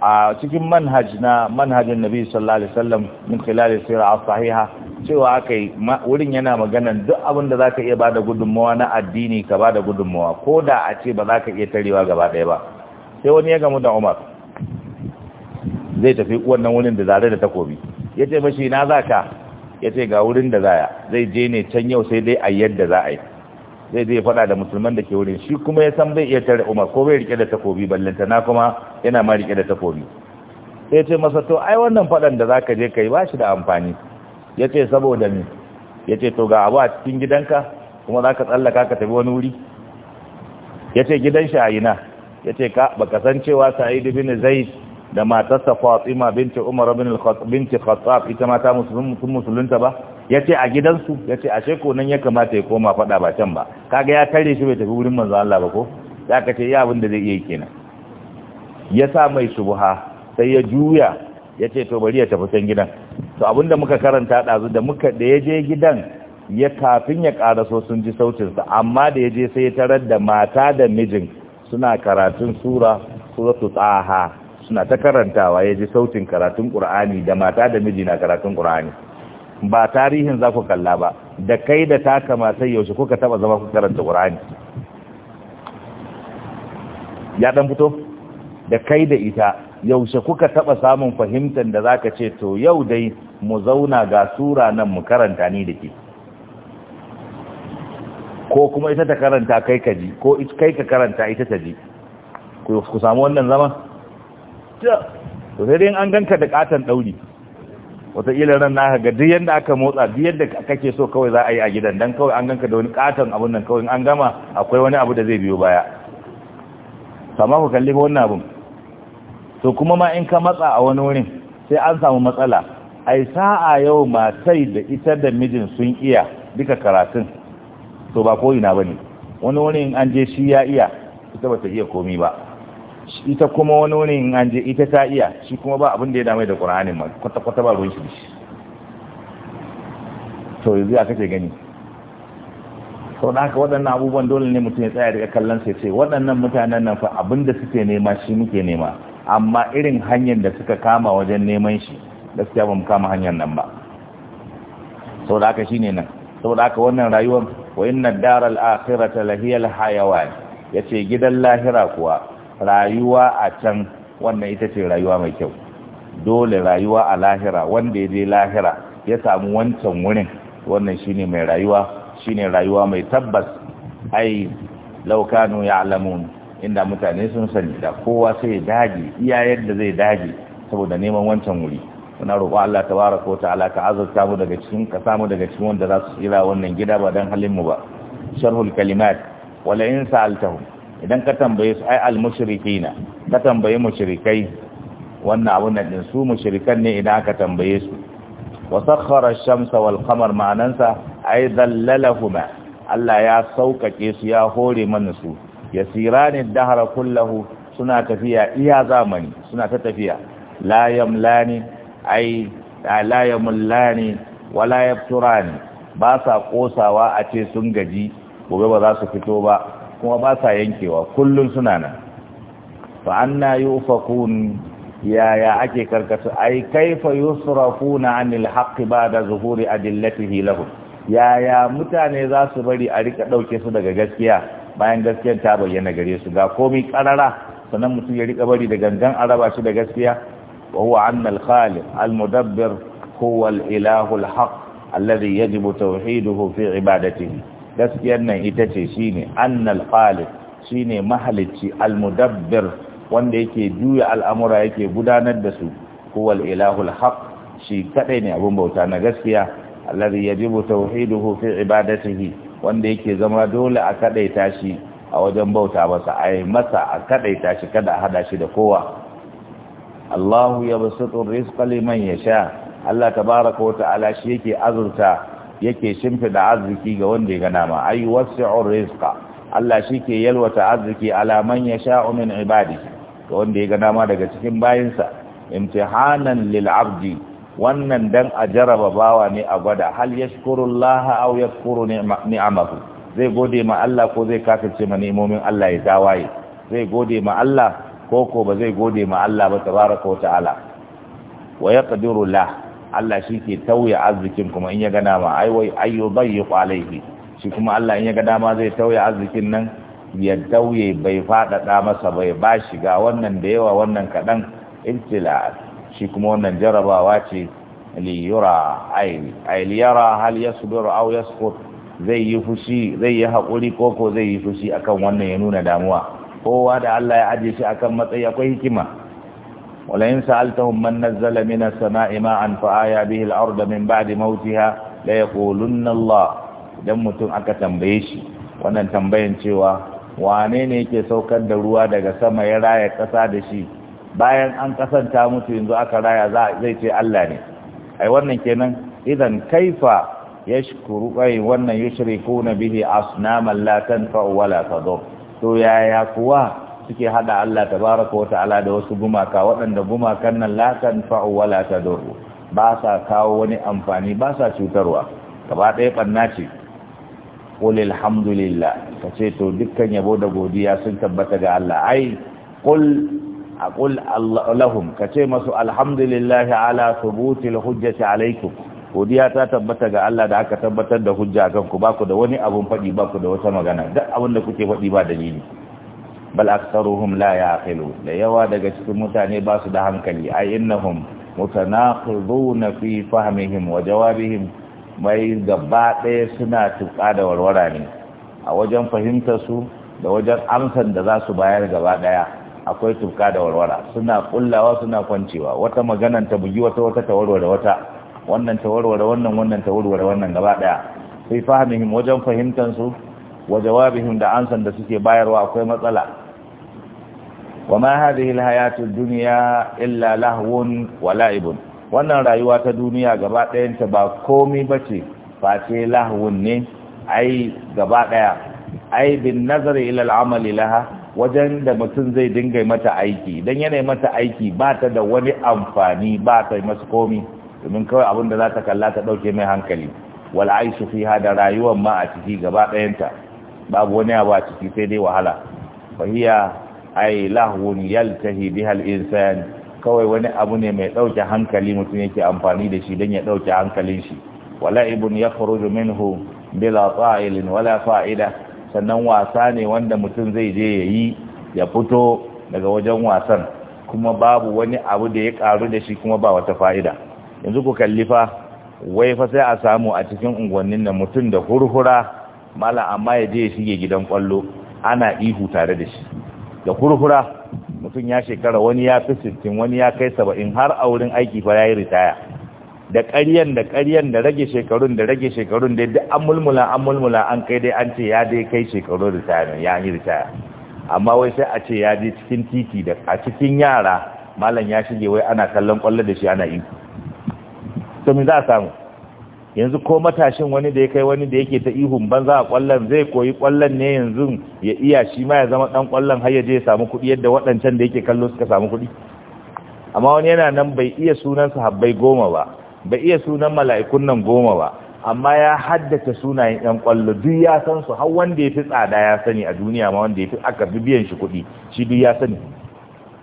a cikin manhaj na manhajin nabi sallallahu alaihi wasallam min khilal as sahiha cewa akai wurin yana magana duk abin da zaka iya bada gudunmawa na addini ka bada gudunmawa koda a ce ba zaka iya tarewa gaba daya ba sai wani ya gamu da Umar zai tafi wannan wurin da zare da takobi yace mashi na zaka ya ce ga wurin da a zai je ne can yau sai dai a yadda za a yi zai zai faɗa da musulman da ke wurin shi kuma ya san bai iya tare umar ko bai rike da takobi ballanta na kuma yana ma rike da takobi sai ce masa to ai wannan faɗan da za ka je kai ba shi da amfani ya ce saboda ni ya ce to ga abu a cikin gidanka kuma za ka tsallaka ka tafi wani wuri ya ce gidan shi a ina ya ce ka baka san cewa bin zaid da matarsa Fatima binti Umar bin al-Khattab binti Khattab ita ma ta musulunta ba yace a gidansu yace ashe ko nan ya kamata ya koma fada ba can ba kaga ya tare shi bai tafi wurin manzo Allah ba ko da kace ya abin da zai iya kenan ya sa mai subha sai ya juya yace to bari ya tafi can gidan to abinda muka karanta dazu da muka da ya je gidan ya kafin ya karaso sun ji sautin sa, amma da ya je sai ya tarar da mata da mijin suna karatun sura suratul taha suna ta karantawa ya ji sautin karatun ƙur'ani da mata da miji na karatun ƙur'ani ba tarihin za ku kalla ba da kai da taka masai yaushe kuka taba zama ku karanta ƙur'ani ya ɗan fito da kai da ita yaushe kuka taba samun fahimtar da za ka ce to yau dai mu zauna ga sura nan mu karanta ni da ke ko kuma ita ta karanta kai ka ji ko kai ka karanta ita ta ji ku samu wannan zama to sai dai an ganka da katan dauri ila ran na ga duk yadda aka motsa duk yadda kake so kawai za a yi a gidan dan kawai an ganka da wani katan abun nan kawai an gama akwai wani abu da zai biyo baya sama ku kalli wannan abun to kuma ma in ka matsa a wani wurin sai an samu matsala ai sa'a yau matai da ita da mijin sun iya duka karatun to ba ko ina bane wani wurin an je shi ya iya ita ba ta iya komi ba ita kuma wani wani in an je ita ta iya shi kuma ba abin da ya dame da ƙur'anin ma kwata-kwata ba ruwan shi da shi to yanzu ya kake gani sau da haka waɗannan abubuwan dole ne mutum ya tsaya daga kallon sai ce waɗannan mutanen nan fa abin da suke nema shi muke nema amma irin hanyar da suka kama wajen neman shi gaskiya ba mu kama hanyar nan ba sau da haka shi ne nan sau da haka wannan rayuwar wa inna daral akhirata lahiyal hayawan yace gidan lahira kuwa rayuwa a can wannan ita ce rayuwa mai kyau dole rayuwa a lahira wanda ya je lahira ya samu wancan wurin wannan shine mai rayuwa shine rayuwa mai tabbas ai laukanu ya alamun inda mutane sun sani da kowa sai ya dage iya yadda zai dage saboda neman wancan wuri muna roƙo Allah tabaraka wa ta'ala ka azurta mu daga cikin ka samu daga cikin wanda za su tsira wannan gida ba dan halin mu ba sharhul kalimat wala in sa'altahum idan ka tambaye su ai al-mushrikina ka tambaye mushrikai wannan abun nan din su mushrikan ne idan aka tambaye su wa sakhkhara ash-shamsa wal qamar ma'anansa ay Allah ya saukake su ya hore mana su yasirani dahra kullahu suna tafiya iya zamani suna ta tafiya la yamlani ay la yamlani wala ba sa kosawa a ce sun gaji gobe ba za su fito ba kuma ba sa yankewa kullum suna nan fa anna yufakun yaya ake karkasu ai kaifa yusrafuna anil haqqi ba'da zuhuri adillatihi lahum yaya mutane za su bari a rika dauke su daga gaskiya bayan gaskiyar ta bayyana gare su ga komai karara sanan mutum ya rika bari da gangan araba shi da gaskiya wa huwa anna al khaliq al mudabbir huwa al ilahu al haqq alladhi yajibu tawhiduhu fi ibadatihi gaskiyar nan ita ce shi ne, annal shi ne mahalicci almudabbir wanda yake juya al'amura yake gudanar da su kowal ilahul haq shi kadai ne abin bauta na gaskiya ya ji yajibu tauhiduhu fi ibadatihi wanda yake zama dole a kaɗai tashi a wajen bauta masa ai masa a kaɗai tashi kada a hada shi da kowa Allahu ya yabsutu man ya sha. Allah tabaaraka wa ta'ala shi yake azurta yake shimfida arziki ga wanda ya gana ma ay wasi'u rizqa Allah shike yalwata arziki ala man yasha'u min ibadihi ga wanda ya gana ma daga cikin bayinsa imtihanan lil abdi wannan dan a bawa ne a gwada hal yashkurullaha aw yashkuru ni'amahu zai gode ma Allah ko zai kafirce ma ni'imomin Allah ya dawaye zai gode ma Allah ko ko ba zai gode ma Allah ba tabaraka wa ta'ala wa yaqdiru lahu Allah shi ke tauya arzikin kuma in ya ga dama ai wai ayyu dayyiq alaihi shi kuma Allah in ya ga dama zai tauya arzikin nan ya tauye bai faɗaɗa masa bai ba shi ga wannan da yawa wannan kaɗan intila shi kuma wannan jarabawa ce liyura ai liyara hal yasqut zai yi fushi zai yi haƙuri koko zai yi fushi akan wannan ya nuna damuwa kowa da Allah ya ajiye shi akan matsayi akwai hikima ولئن سألتهم من نزل من السماء ماء فآيا به الأرض من بعد موتها ليقولن الله idan mutum aka tambaye shi wannan tambayan cewa wane ne yake saukar da ruwa daga sama ya raya ƙasa da shi bayan an kasanta mutu yanzu aka raya zai ce Allah ne ai wannan kenan idan kaifa yashkuru ai wannan yushrikuna bihi asnaman la tanfa wala tadur to yaya kuwa suke hada Allah tabaraka wata'ala da wasu gumaka waɗanda gumakan nan la tanfa'u wala tadurru ba sa kawo wani amfani ba sa cutarwa gaba ɗaya ɓanna ce qul alhamdulillah kace to dukkan yabo da godiya sun tabbata ga Allah ai qul aqul lahum kace masu alhamdulillah ala thubuti alhujjati alaikum godiya ta tabbata ga Allah da aka tabbatar da hujja kanku ba ku da wani abun faɗi ba ku da wata magana duk abin da kuke faɗi ba dalili bal aktsaruhum la yaqilu da yawa daga cikin mutane ba su da hankali ai innahum mutanaqiduna fi fahmihim wa jawabihim mai gaba ɗaya suna tuka da warwara ne a wajen fahimtar su da wajen amsan da za su bayar gaba ɗaya akwai tuka da warwara suna kullawa suna kwancewa wata maganan ta bugi wata wata ta warware wata wannan ta warware wannan wannan ta warware wannan gaba ɗaya sai fahimihim wajen fahimtar su wa jawabihim da amsan da suke bayarwa akwai matsala wa ma hadhihi alhayatu dunya illa lahwun wa la'ibun wannan rayuwa ta duniya gaba ɗayan ta ba komai bace face lahwun ne ai gaba ɗaya ai bin nazari ila al'amali laha wajen da mutum zai dinga mata aiki dan yana mata aiki ba ta da wani amfani ba ta masa komai domin kawai abin da za ta kalla ta ɗauke mai hankali wal aishu fi da rayuwar ma a ciki gaba ta babu wani abu a ciki sai dai wahala fahiya ai lahun yaltahi biha al-insan kawai wani abu ne mai dauke hankali mutum yake amfani da shi dan ya dauke hankalin shi wala ibn yakhruju minhu bila ta'ilin wala fa'ida sannan wasa ne wanda mutum zai je yayi ya fito daga wajen wasan kuma babu wani abu da ya karu da shi kuma ba wata fa'ida yanzu ku kallifa wai fa sai a samu a cikin unguwannin nan mutum da hurhura mala amma ya je ya shige gidan kwallo ana ihu tare da shi da kurkura mutum ya shekara wani ya fi sittin wani ya kai saba'in har a wurin aiki fa ya yi ritaya da ƙaryen, da ƙaryen, da rage shekarun da rage shekarun da duk an mulmula an mulmula an kai dai an ce ya dai kai shekarun ritaya ya yi ritaya amma wai sai a ce ya je cikin titi da a cikin yara malam ya shige wai ana kallon kwallo da shi ana yi to me za a samu yanzu ko matashin wani da ya kai wani da yake ta ihun banza a kwallon zai koyi kwallon ne yanzu ya iya shi ma ya zama dan kwallon har ya je ya samu kuɗi yadda waɗancan da yake kallo suka samu kuɗi amma wani yana nan bai iya sunan sahabbai goma ba bai iya sunan mala'ikun nan goma ba amma ya haddace sunayen yan kwallo duk ya san su har wanda ya fi tsada ya sani a duniya ma wanda ya fi aka fi biyan shi kuɗi shi duk ya sani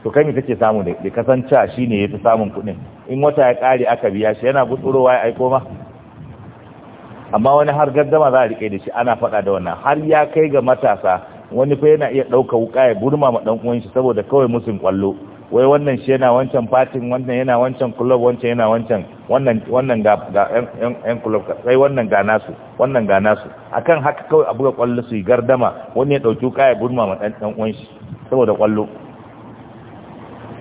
to kai me kake samu da kasance shine ya fi samun kuɗin in wata ya ƙare aka biya shi yana gutsurowa ya aiko ma amma wani har gardama za a rike da shi ana faɗa da wannan har ya kai ga matasa wani fa yana iya ɗauka wuƙa ya burma ma ɗan uwan shi saboda kawai musun kwallo wai wannan shi yana wancan fatin wannan yana wancan club wancan yana wancan wannan wannan ga yan club sai wannan ga nasu wannan ga nasu akan haka kawai a buga kwallo su yi gardama wani ya ɗauki wuƙa ya burma ma ɗan uwan shi saboda kwallo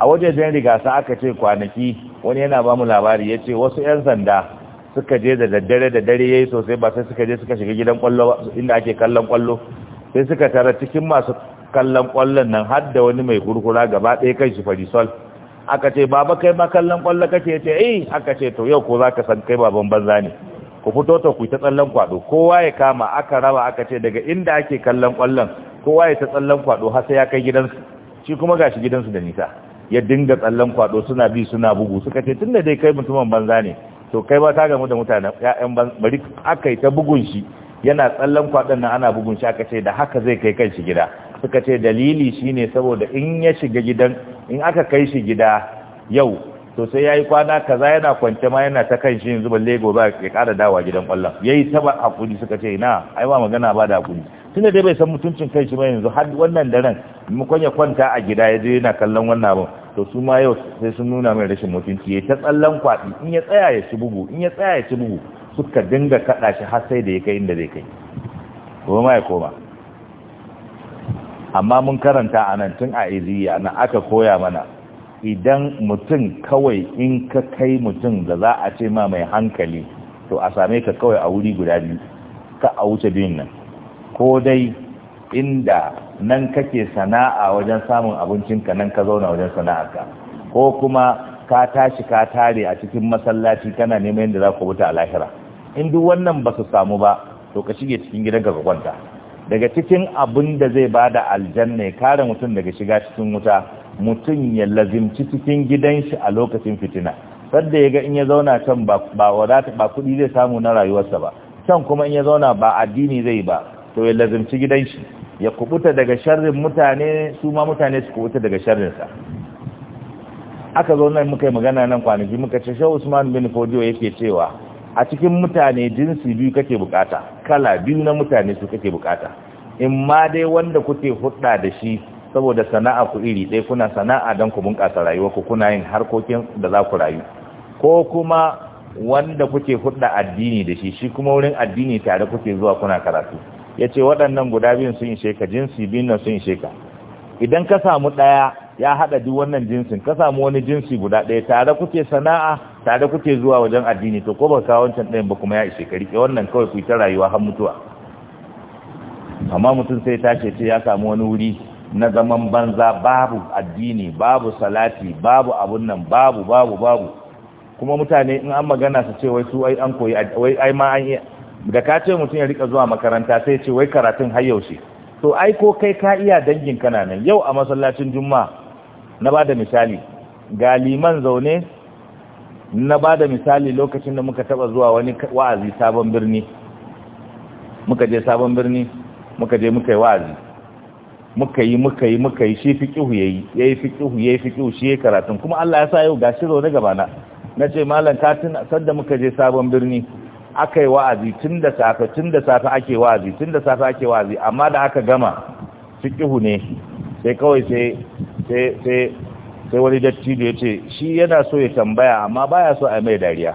a wajen wajejen rigasa aka ce kwanaki wani yana ba mu labari ya ce wasu 'yan sanda suka je da daddare da dare yayi sosai ba sai suka je suka shiga gidan kwallo inda ake kallon kwallo sai suka tara cikin masu kallon kwallon nan har da wani mai kurkura gaba ɗaya kai shi farisol aka ce baba kai ma kallon kwallo kake ce eh aka ce to yau ko za ka san kai baban banza ne ku fito ta ku ta tsallan kwado kowa ya kama aka raba aka ce daga inda ake kallon kwallon kowa ya ta tsallan kwado har sai ya kai gidansu shi kuma gashi gidansu da nisa ya dinga tsallan kwado suna bi suna bugu suka ce tunda dai kai mutumin banza ne to kai ba ta gamu da mutanen ya'yan ban bari aka yi ta bugun shi yana tsallan kwaɗon nan ana bugun shi aka ce da haka zai kai kan shi gida suka ce dalili shi ne saboda in ya shiga gidan in aka kai shi gida yau to sai yi kwana kaza yana kwance ma yana ta kan shi yanzu lego ba ya ƙara dawa gidan kwallon ya yi taɓa hakuri suka ce ina ai ba magana ba da hakuri tunda dai bai san mutuncin kan shi ba yanzu har wannan daren maimakon ya kwanta a gida ya je yana kallon wannan abun to su ma yau sai sun nuna mai rashin mutunci ya ta tsallan kwaɗi in ya tsaya ya ci bugu in ya tsaya ya ci bugu suka dinga kaɗa shi har sai da ya kai inda zai kai ko ma ya koma amma mun karanta a nan tun a iziya na aka koya mana idan mutum kawai in ka kai mutum da za a ce ma mai hankali to a same ka kawai a wuri guda biyu ka a wuce biyun nan ko dai inda nan kake sana'a wajen samun abincin ka nan ka zauna wajen sana'arka ko kuma ka tashi ka tare a cikin masallaci kana neman yadda za ku wuta a lahira in duk wannan ba su samu ba to ka shige cikin gidanka ka kwanta daga cikin abin da zai ba da aljanna ya kare mutum daga shiga cikin wuta mutum ya lazimci cikin gidan shi a lokacin fitina sadda ya ga in ya zauna can ba wadata ba kuɗi zai samu na rayuwarsa ba can kuma in ya zauna ba addini zai ba to ya lazimci gidan shi ya kubuta daga sharrin mutane su ma mutane su kubuta daga sharrinsa aka zo nan muka yi magana nan kwanaki muka ce shehu usman bin fodiyo yake cewa a cikin mutane jinsi biyu kake bukata kala biyu na mutane su kake bukata in ma dai wanda kuke hudda da shi saboda sana'a ku iri ɗaya kuna sana'a don ku bunƙasa rayuwa ku kuna yin harkokin da za ku rayu ko kuma wanda kuke hudda addini da shi shi kuma wurin addini tare kuke zuwa kuna karatu ya ce waɗannan guda biyun sun ishe ka jinsi biyun nan sun ishe ka idan ka samu ɗaya ya haɗa duk wannan jinsin ka samu wani jinsi guda ɗaya tare kuke sana'a tare kuke zuwa wajen addini to ko ba ka wancan ɗayan ba kuma ya ishe ka riƙe wannan kawai ku ta rayuwa har mutuwa amma mutum sai ta ce ya samu wani wuri na zaman banza babu addini babu salati babu abun nan babu babu babu kuma mutane in an magana su ce wai su ai an koyi wai ai ma an da ka ce mutum ya rika zuwa makaranta sai ce wai karatun har yaushe to ai ko kai ka iya dangin kana nan yau a masallacin juma'a na ba da misali ga liman zaune na ba da misali lokacin da muka taba zuwa wani wa'azi sabon birni muka je sabon birni muka je muka yi wa'azi muka yi muka yi muka yi shi fiqihu yayi yayi fiqihu yayi fiqihu shi karatun kuma Allah ya sa yau gashi zo gabana. Na nace malam ka tun sadda muka je sabon birni aka yi wa'azi tun da safe tun da safe ake wa'azi tun da safe ake wa'azi amma da aka gama su ƙihu ne sai kawai sai wani dattijo ya ce shi yana so ya tambaya amma ba ya so a mai dariya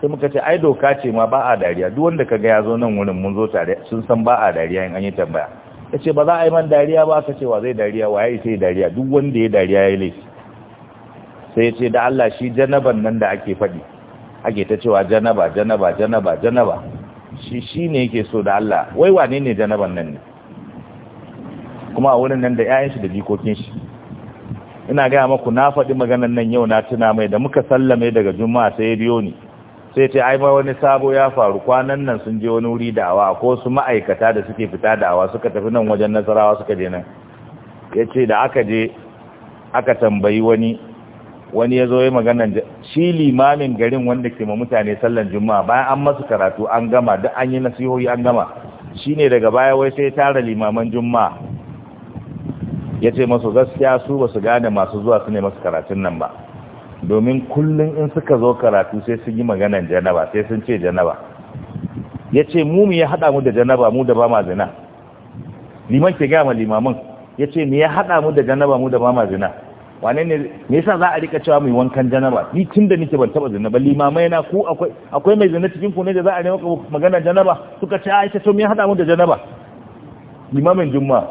sai muka ce ai doka ce ma ba a dariya duk wanda ga ya zo nan wurin mun zo tare sun san ba a dariya in an yi tambaya ya ce ba za a yi man dariya ba aka ce wa zai dariya wa ya isa dariya duk wanda ya dariya ya yi laifi sai ya ce da Allah shi janaban nan da ake faɗi ake ta cewa janaba janaba janaba janaba shi shi ne yake so da Allah wai wane ne janaban nan ne kuma a wurin nan da 'ya'yan shi da jikokin shi ina gaya maku na faɗi maganan nan yau na tuna mai da muka sallame daga juma'a sai ya biyo ni sai ce ai ma wani sabo ya faru kwanan nan sun je wani wuri da'awa ko su ma'aikata da suke fita da'awa suka tafi nan wajen nasarawa suka je nan ya da aka je aka tambayi wani wani ya zo ya maganan shi limamin garin wanda ke ma mutane sallan juma'a bayan an masu karatu an gama duk an yi nasihohi an gama shi ne daga baya wai sai tara limaman juma'a ya ce masu gaskiya su ba su gane masu zuwa su ne masu karatun nan ba domin kullum in suka zo karatu sai sun yi maganan janaba sai sun ce janaba ya ce mu mu ya haɗa mu da janaba mu da ba ma zina liman ke gama limamin ya ce mu ya haɗa mu da janaba mu da ba ma zina wane ne me yasa za a rika cewa mai wankan janaba ni tun da nake ban taba zina ba limamai na ku akwai akwai mai zina cikin ku ne da za a nemo magana janaba suka ce a ta to me hada mu da janaba limamin juma'a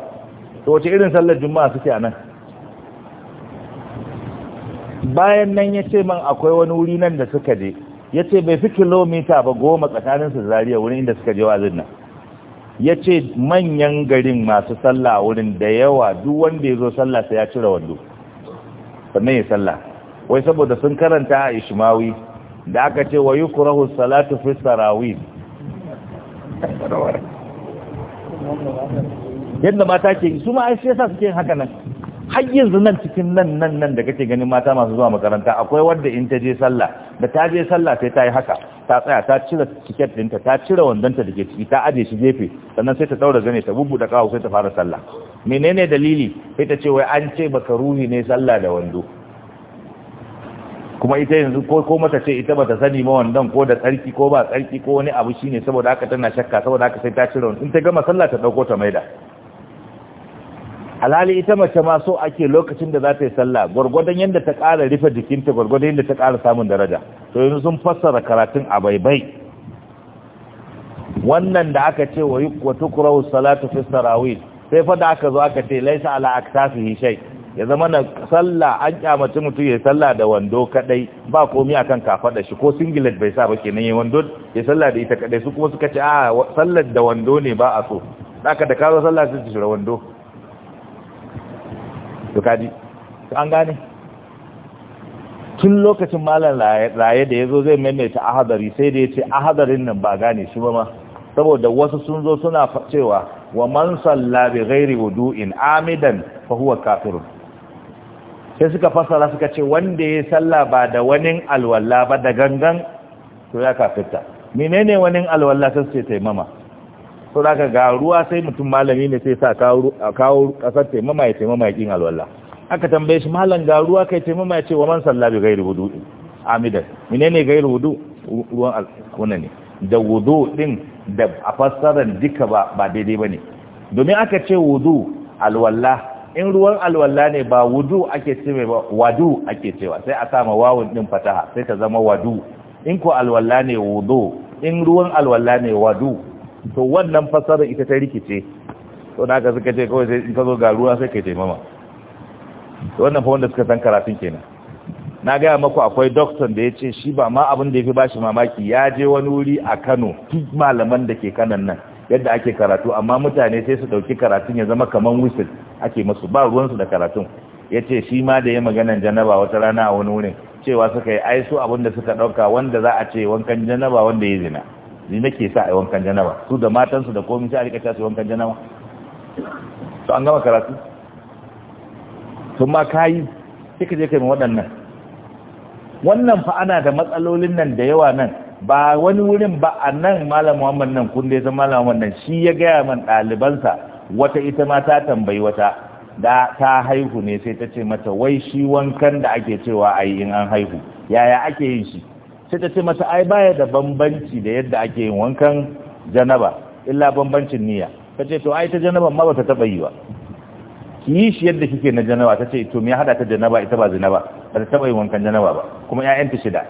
to wace irin sallar juma'a suke anan bayan nan ya ce man akwai wani wuri nan da suka je ya ce bai fi kilomita ba goma tsakanin su zariya wurin inda suka je wa zinna ya ce manyan garin masu sallah wurin da yawa duk wanda ya zo sallah sai ya cire wando sannan ya salla wai saboda sun karanta a ishimawi da aka ce wa kurahu salatu fi yadda mata ke su ma yasa suke haka nan har yanzu nan cikin nan nan nan da kake ganin mata masu zuwa makaranta akwai wadda in ta je salla da ta je sallah sai ta yi haka ta tsaya ta cire tiket dinta ta cire wandanta da ke ciki ta ajiye shi gefe sannan sai ta daura zane ta bubbuɗe kawo sai ta fara sallah menene dalili sai ta ce wai an ce baka ruhi ne sallah da wando kuma ita yanzu ko ko mata ce ita bata sani ma wandon ko da tsarki ko ba tsarki ko wani abu shine saboda haka tana shakka saboda haka sai ta ci wani in ta gama sallah ta dauko ta maida alhali ita mace ma so ake lokacin da za ta yi sallah gwargwadon yadda ta ƙara rufe jikinta gwargwadon yadda ta ƙara samun daraja to yanzu sun fassara karatun a baibai wannan da aka ce wa yi wa salatu fi sarawit sai fada aka zo aka ce laisa ala aktafihi shay ya zama na sallah an kyamaci mutum ya sallah da wando kadai ba komai akan da shi ko singlet bai sa ba kenan ya wando ya sallah da ita kadai su kuma suka ce a sallar da wando ne ba a so haka da kazo sallah sai ki shira wando to kaji an gane tun lokacin malam raye da ya zo zai maimaita ahadari sai da ya ce ahadarin nan ba gane shi ba ma saboda wasu sun zo suna cewa wa man salla bi ghairi wudu'in amidan fa huwa kafir sai suka fasara suka ce wanda ya salla ba da wani alwala ba da gangan to ya kafirta menene wani alwala sai ce taimama to daga ga ruwa sai mutum malami ne sai sa kawo kawo kasar taimama ya taimama ya kin alwala aka tambaye shi malam ga ruwa kai taimama ya ce wa man salla bi ghairi wudu'in amidan menene ghairi wudu ruwan wannan ne da wudu din da a fassarar duka ba ba daidai ba ne domin aka ce wudu alwala in ruwan alwala ne ba wudu ake ce mai ba wadu ake cewa sai a sama wawun din fataha sai ta zama wadu in ko alwala ne wudu in ruwan alwala ne wadu to wannan fassarar ita ta rikice to na ga suka ce kawai sai in ka zo ga ruwa sai kai taimama to wannan fa wanda suka san karatun kenan na gaya maku akwai doktor da ya ce shi ba ma abin da ya fi ba shi mamaki ya je wani wuri a kano duk malaman da ke kanan nan yadda ake karatu amma mutane sai su ɗauki karatun ya zama kamar wisil ake masu ba ruwansu da karatun ya ce shi ma da ya maganan janaba wata rana a wani wurin cewa suka yi aisu abin da suka ɗauka wanda za a ce wankan janaba wanda ya zina ni nake sa a wankan janaba su da matansu da komai sai a rika su wankan janaba to an gama karatu sun ma kayi sai ka je kai waɗannan wannan fa ana da matsalolin nan da yawa nan ba wani wurin ba a nan malam muhammad nan kun dai zama malam wannan shi ya gaya man ɗalibansa wata ita ma ta tambayi wata da ta haihu ne sai ta ce mata wai shi wankan da ake cewa ai in an haihu yaya ake yin shi sai ta ce mata ai baya da bambanci da yadda ake yin wankan janaba illa bambancin niyya ta ce to ai ta janaba ma bata taba yi ba ki yi shi yadda kike na janaba ta ce to me ya hada ta janaba ita ba zina ba ba ta taɓa yin wankan janaba ba kuma ‘ya'yanta shida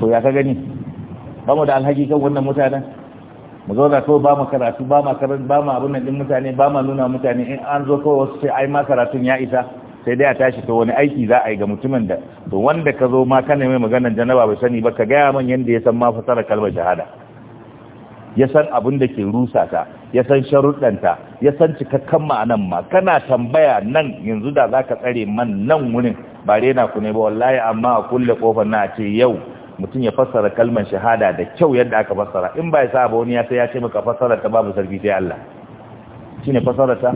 to ya ka gani ba mu da alhaki kan wannan mutanen mu zauna kawai ba mu karatu ba abin nan mutane ba mu nuna mutane in an zo kawai wasu sai ai ma karatun ya isa sai dai a tashi to wani aiki za a yi ga mutumin da to wanda ka zo ma kana mai maganar janaba bai sani ba ka gaya man yanda ya san ma fasara kalmar shahada ya san abin da ke rusa ta ya san sharuɗanta ya san cikakken ma'anan ma kana tambaya nan yanzu da za ka tsare man nan wurin ba rena ku ne ba wallahi amma a kulle kofar na ce yau mutum ya fassara kalmar shahada da kyau yadda aka fassara in ba ya sa ba wani ya sai ya ce maka fassara ta babu sarfi sai Allah shine fassara ta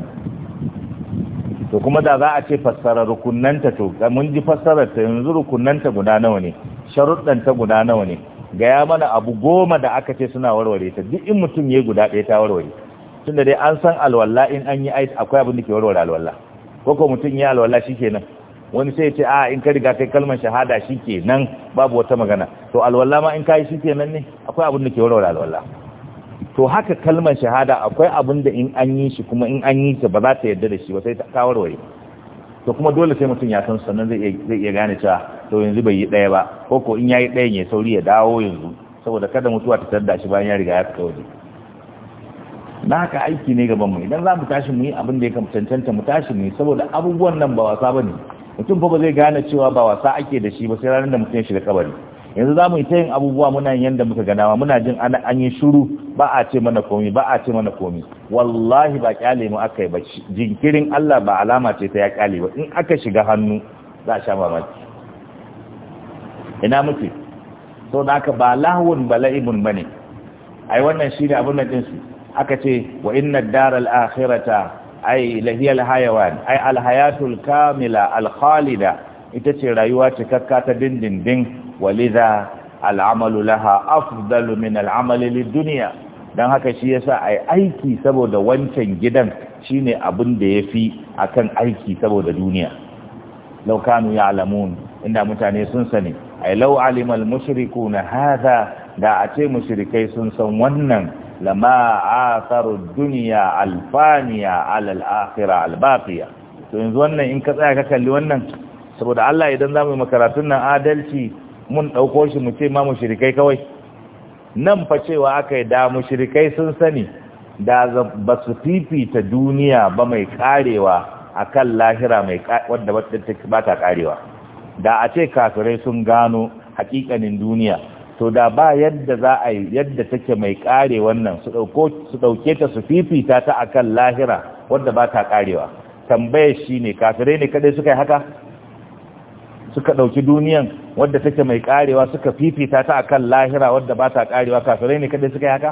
to kuma da za a ce fassara rukunnanta to mun ji fassarar ta yanzu rukunnanta guda nawa ne sharuɗanta guda nawa ne gaya mana abu goma da aka ce suna warware ta duk in mutum ya guda ɗaya ta warware tunda dai an san alwala in an yi aiki akwai abin da ke warware alwala ko ko mutum ya alwala kenan, wani sai ce a in ka riga kai kalmar shahada shi kenan babu wata magana to alwala ma in kai kenan ne akwai abin da ke warware alwala to haka kalmar shahada akwai abin da in an yi shi kuma in an yi ta ba za ta yarda da shi ba sai ta warware to kuma dole sai mutum ya san sannan zai iya gane cewa to yanzu bai yi ɗaya ba ko ko in ya yi ɗaya ne sauri ya dawo yanzu saboda kada mutuwa ta tarda shi bayan ya riga ya fita waje na haka aiki ne gaban mu idan za mu tashi mu yi abin da ya cancanta mu tashi ne saboda abubuwan nan ba wasa ba ne mutum fa ba zai gane cewa ba wasa ake da shi ba sai ranar da mutum ya shiga kabari yanzu za mu yi ta yin abubuwa muna yin yadda muka ganawa muna jin an yi shuru ba a ce mana komi ba a ce mana komi wallahi ba kyale mu aka yi ba jinkirin Allah ba alama ce ta ya kyale ba in aka shiga hannu za a sha mamaki ina muke so da aka ba lahun ba la'ibun ba ne ai wannan shi ne abin da ɗinsu aka ce wa inna daral akhirata ai lahiyal hayawan ai alhayatul kamila khalida ita ce rayuwa cikakka ta dindindin walidha al'amalu laha afdalu min al'amali duniya, don dan haka shi yasa ai aiki saboda wancan gidan shine abin da yafi akan aiki saboda duniya law kanu ya'lamun inda mutane sun sani ai law alima al-mushrikuna hadha da a ce mushrikai sun san wannan lama atharu dunya alfaniya ala al-akhirah al-baqiya to yanzu wannan in ka tsaya ka kalli wannan saboda Allah idan zamu yi makaratun nan adalci mun ɗauko shi mu ce ma mu shirikai kawai nan fa cewa aka yi da mu shirikai sun sani da ba su fifita duniya ba mai karewa kan lahira mai wadda ba ta karewa da a ce kafirai sun gano hakikanin duniya to da ba yadda za a yi yadda take mai kare wannan su ɗauke ta su fifita ta a kan lahira wadda ba ta karewa tambayar shi ne kafirai ne kadai suka yi haka suka ɗauki duniyan wadda take mai karewa suka fifita ta akan lahira wadda ba ta karewa kafirai ne kadai suka yi haka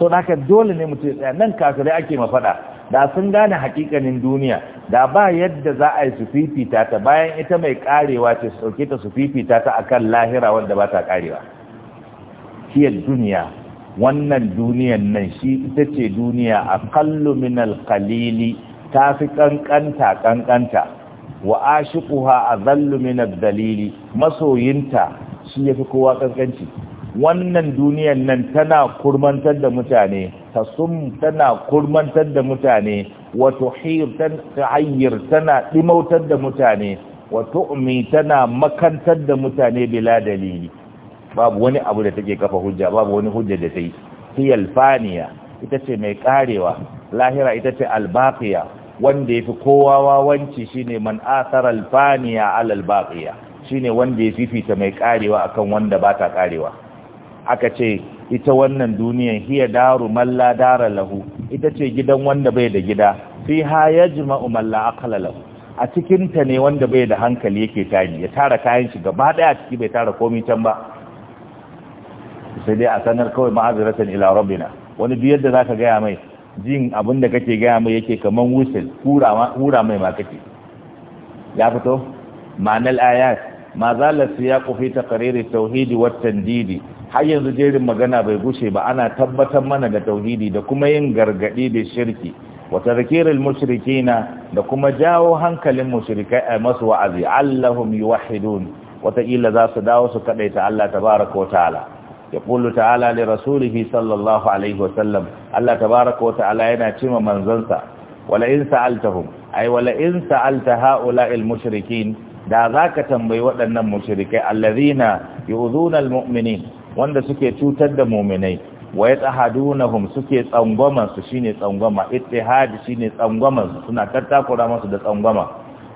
so haka dole ne mutum ya nan kafirai ake mafada da sun gane hakikanin duniya da ba yadda za a yi su fifita ta bayan ita mai karewa ce su ɗauke ta su fifita ta akan lahira wadda ba ta karewa hiyar duniya wannan duniyan nan shi ita ce duniya a kallu min alkalili ta fi kankanta kankanta wa ashiquha azallu min ad-dalili masoyinta shi yafi kowa kaskanci wannan duniyar nan tana kurmantar da mutane tasum tana kurmantar da mutane wa tuhir tan tana dimautar da mutane wa tu'mi tana makantar da mutane bila dalili babu wani abu da take kafa hujja babu wani hujja da tai hiyal faniya ita ce mai karewa lahira ita ce albaqiya wanda yafi kowa wawanci shine man athara al-faniya ala al-baqiya shine wanda ya fifita mai karewa akan wanda ba ta karewa aka ce ita wannan duniyar, hiya daru malla dara lahu ita ce gidan wanda bai da gida "Sai yajma'u malla aqala lahu a cikin ta ne wanda bai da hankali yake tari ya tara kayan shi gaba daya ciki bai tara komai can ba sai dai a sanar kawai ma'aziratan ila rabbina wani duk yadda zaka gaya mai jin abin da kake gaya mai yake kamar wusul hura mai ma kake ya fito ma'anar ayat ma zalar su ya kufi ta karere tauhidi watan didi har yanzu jerin magana bai gushe ba ana tabbatar mana da tauhidi da kuma yin gargaɗi da shirki wata zikirar mushrikina da kuma jawo hankalin mushrikai a masu wa'azi allahum wahidun wataƙila za su dawo su kaɗaita allah tabaraka wa ta'ala يقول تعالى لرسوله صلى الله عليه وسلم الله تبارك وتعالى ينا تشما منزنسا ولئن سألتهم أي ولئن سألت هؤلاء المشركين da za ka tambayi waɗannan mushrikai allazina yu'zuna almu'minin wanda suke cutar da mu'minai wa yatahadunahum suke tsangwama su shine tsangwama ittihad shine tsangwama su suna tattakura masu da tsangwama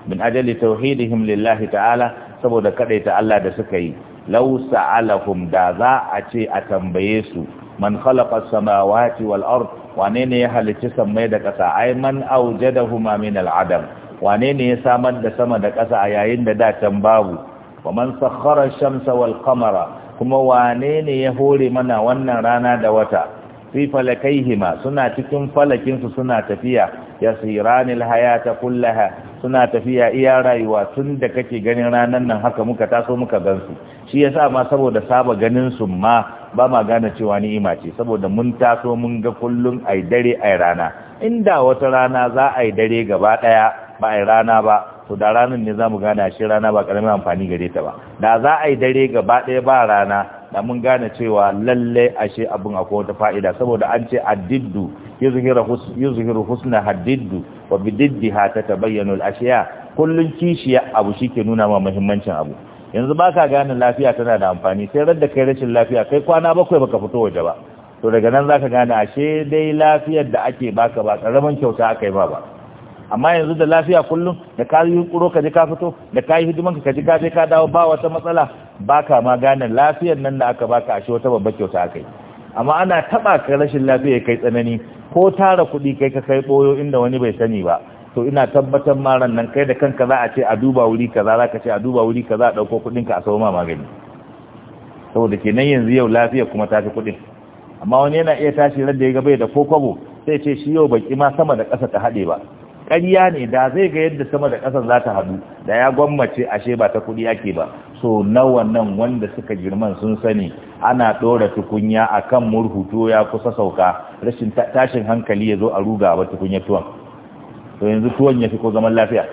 min ajali tauhidihim lillahi ta'ala saboda kadaita Allah da suka yi Lausa sa'alahum da za a ce a tambaye su man khalaqa samawati wal ard Wanene ne ya halicci sammai da ƙasa ai man aujadahuma min al adam wane ya samar da sama da ƙasa yayin da da can babu wa man sakhkhara shamsa wal qamara kuma wanene ya hore mana wannan rana da wata falakai hima suna cikin falakinsu suna tafiya yasiranil hayata kullaha suna tafiya iya rayuwa tun da kake ganin ranar nan haka muka taso muka gansu shi ya sa ma saboda saba ganin su ma ba ma gane cewa ni'ima ce saboda mun taso mun ga kullum ai dare ai rana inda wata rana za a yi dare gaba daya ba ai rana ba to da ranar ne za mu gane shi rana ba karamin amfani gare ta ba da za a yi dare gaba daya ba rana da mun gane cewa lalle ashe abin akwai wata fa'ida saboda an ce addiddu yuzhiru husna haddiddu wa bididdiha tatabayyanu al-ashiya kullun kishiya abu ke nuna ma muhimmancin abu yanzu baka gane lafiya tana da amfani sai radda kai rashin lafiya kai kwana bakwai baka fito waje ba to daga nan zaka gane ashe dai lafiyar da ake baka ba karaman kyauta akai ba ba amma yanzu da lafiya kullum da ka yi kuro ka ji ka fito da ka yi hidimanka ka ji ka je ka dawo ba wata matsala baka ma gane lafiyar nan da aka baka ashe wata babba kyauta aka yi amma ana taba ka rashin lafiya kai tsanani ko tara kuɗi kai ka kai boyo inda wani bai sani ba to ina tabbatar ma ran nan kai da kanka za a ce a duba wuri kaza za ka ce a duba wuri kaza a ɗauko kuɗin ka a sauma magani saboda kenan yanzu yau lafiya kuma ta fi kuɗin amma wani yana iya tashi ran da ya ga bai da ko sai ce shi yau baki ma sama da ƙasa ta haɗe ba ƙarya ne da zai ga yadda sama da ƙasar za ta haɗu da ya gwammace ashe ba ta kuɗi ake ba so nawa nan wanda suka girman sun sani ana ɗora tukunya a kan murhuto ya kusa sauka rashin tashin hankali ya zo a ruga ba tukunya tuwon to yanzu tuwon ya fi ko zaman lafiya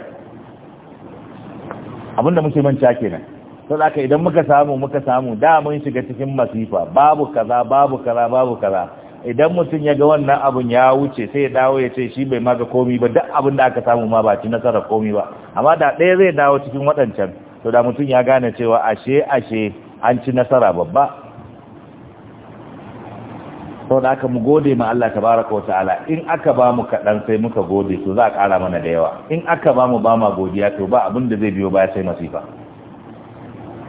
abinda muke manta kenan to zaka idan muka samu muka samu da mun shiga cikin masifa babu kaza babu kaza babu kaza idan mutum ya ga wannan abun ya wuce sai ya dawo ya ce shi bai maga komi ba duk abin da aka samu ma ba ci nasarar komi ba amma da ɗaya zai dawo cikin waɗancan to da mutum ya gane cewa ashe ashe an ci nasara babba to da aka mu gode ma Allah tabaraka wa ta'ala in aka ba mu kaɗan sai muka gode to za a ƙara mana da yawa in aka ba mu ba ma godiya to ba abin da zai biyo baya sai masifa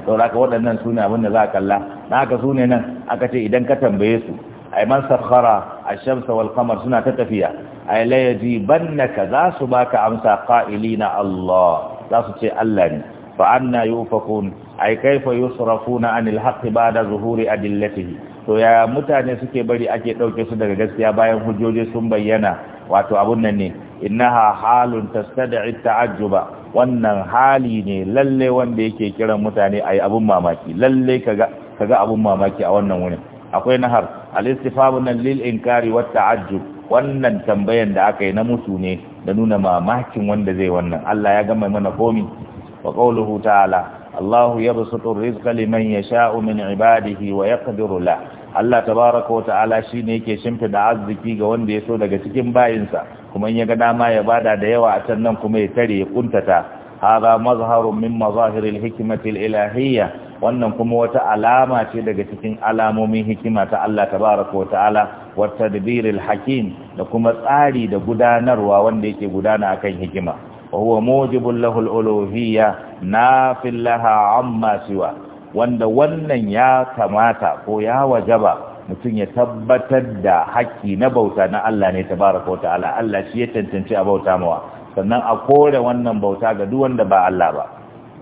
to da aka waɗannan su abin da za a kalla na aka su nan aka ce idan ka tambaye su ai man sakhara ash-shamsa wal qamar suna ta tafiya ai la ka za su baka amsa qa'ilina Allah za su ce Allah ne fa anna yufakun ay kaifa yusrafuna anil haqqi ba'da zuhuri adillatihi to ya mutane suke bari ake dauke su daga gaskiya bayan hujjoji sun bayyana wato abun nan ne innaha halun tastad'i ta'ajjuba wannan hali ne lalle wanda yake kiran mutane ay abun mamaki lalle kaga kaga abun mamaki a wannan wurin akwai nahar al-istifamu lil inkari wat ta'ajjub wannan tambayan da aka yi na musu ne da nuna mamakin wanda zai wannan Allah ya gama mana komi wa qawluhu ta'ala Allahu yabsutu rizqa liman yasha'u min ibadihi wa yaqdiru la Allah tabaaraka wa shi ne yake shimfida arziki ga wanda ya so daga cikin bayinsa kuma in ya ga dama ya bada da yawa a can nan kuma ya tare ya kuntata hadha mazharun min mazahiril hikmati ilahiyya wannan kuma wata alama ce daga cikin alamomin hikima ta Allah tabaraka wa ta'ala wa tadbiril hakim da kuma tsari da gudanarwa wanda yake gudana akan hikima وهو موجب له الألوهية نافل لها عما سوى wanda wannan ya kamata ko ya wajaba mutum ya tabbatar da haƙƙi na bauta na Allah ne tabaraka ta'ala Allah shi ya tantance a bauta mawa sannan a kore wannan bauta ga duk wanda ba Allah ba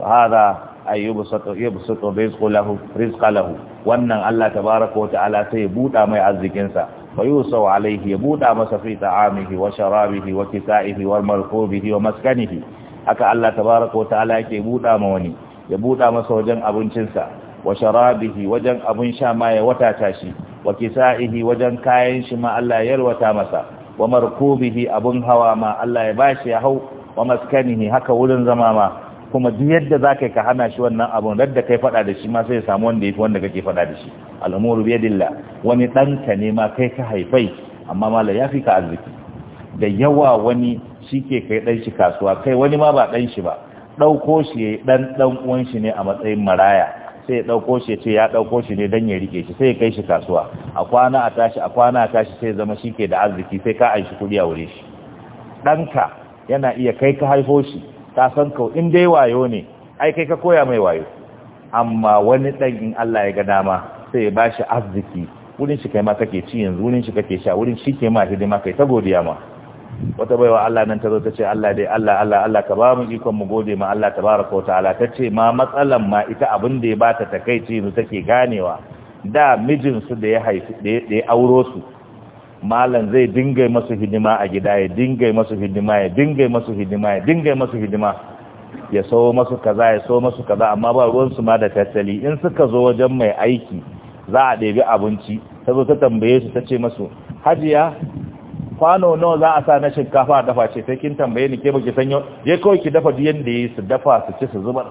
hada ayyubu sato yubsutu rizqalahu rizqalahu wannan Allah tabaraka ta'ala sai ya buɗa mai arzikin sa ويوصى عليه wa مس wa طعامه wa وكسائه wa maskanihi. haka Allah tabaraka wa ta'ala yake buda ma wani ya buda masa wajen abincinsa wa sharabihi wajen abin sha ma ya watata shi wa kisaihi wajen kayan shi ma Allah ya yalwata masa wa markubihi abun hawa ma Allah ya bashi ya hau wa maskanihi haka wurin zama ma kuma duk yadda za ka yi ka hana shi wannan abun da da kai faɗa da shi ma sai ya samu wanda ya fi wanda kake faɗa da shi al'amuru biya dilla wani ɗanka ne ma kai ka haifai amma malam ya fi ka arziki da yawa wani shi ke kai ɗan shi kasuwa kai wani ma ba ɗan shi ba ɗauko shi ya yi uwan shi ne a matsayin maraya sai ya ɗauko shi ya ce ya ɗauko shi ne dan ya rike shi sai ya kai shi kasuwa a kwana a tashi a kwana a tashi sai zama shi ke da arziki sai ka aishi kuɗi a wuri shi ɗanka yana iya kai ka haifo shi ka san kau in dai wayo ne ai kai ka koya mai wayo amma wani dan in Allah ya ga dama sai ya shi arziki wurin shi kai ma kake ci yanzu wurin shi kake sha wurin shi ke ma hidima kai ta godiya ma wata baiwa Allah nan ta zo ta ce Allah dai Allah Allah Allah ka ba mu ikon mu gode ma Allah tabaraka wa ta'ala ta ce ma matsalan ma ita abin da ya bata takeici yanzu take ganewa da mijin su da ya haifi da ya auro su malam zai dinga masu hidima a gida ya dinga masu hidima ya dinga masu hidima ya dinga masu hidima ya so masu kaza ya so masu kaza amma ba ruwan su ma da tattali in suka zo wajen mai aiki za a ɗebi abinci ta zo ta tambaye su ta ce masu hajiya kwano nawa za a sa na shinkafa a dafa ce sai kin tambaye ni ke baki sanyo je kawai ki dafa duk da yi su dafa su ci su zubar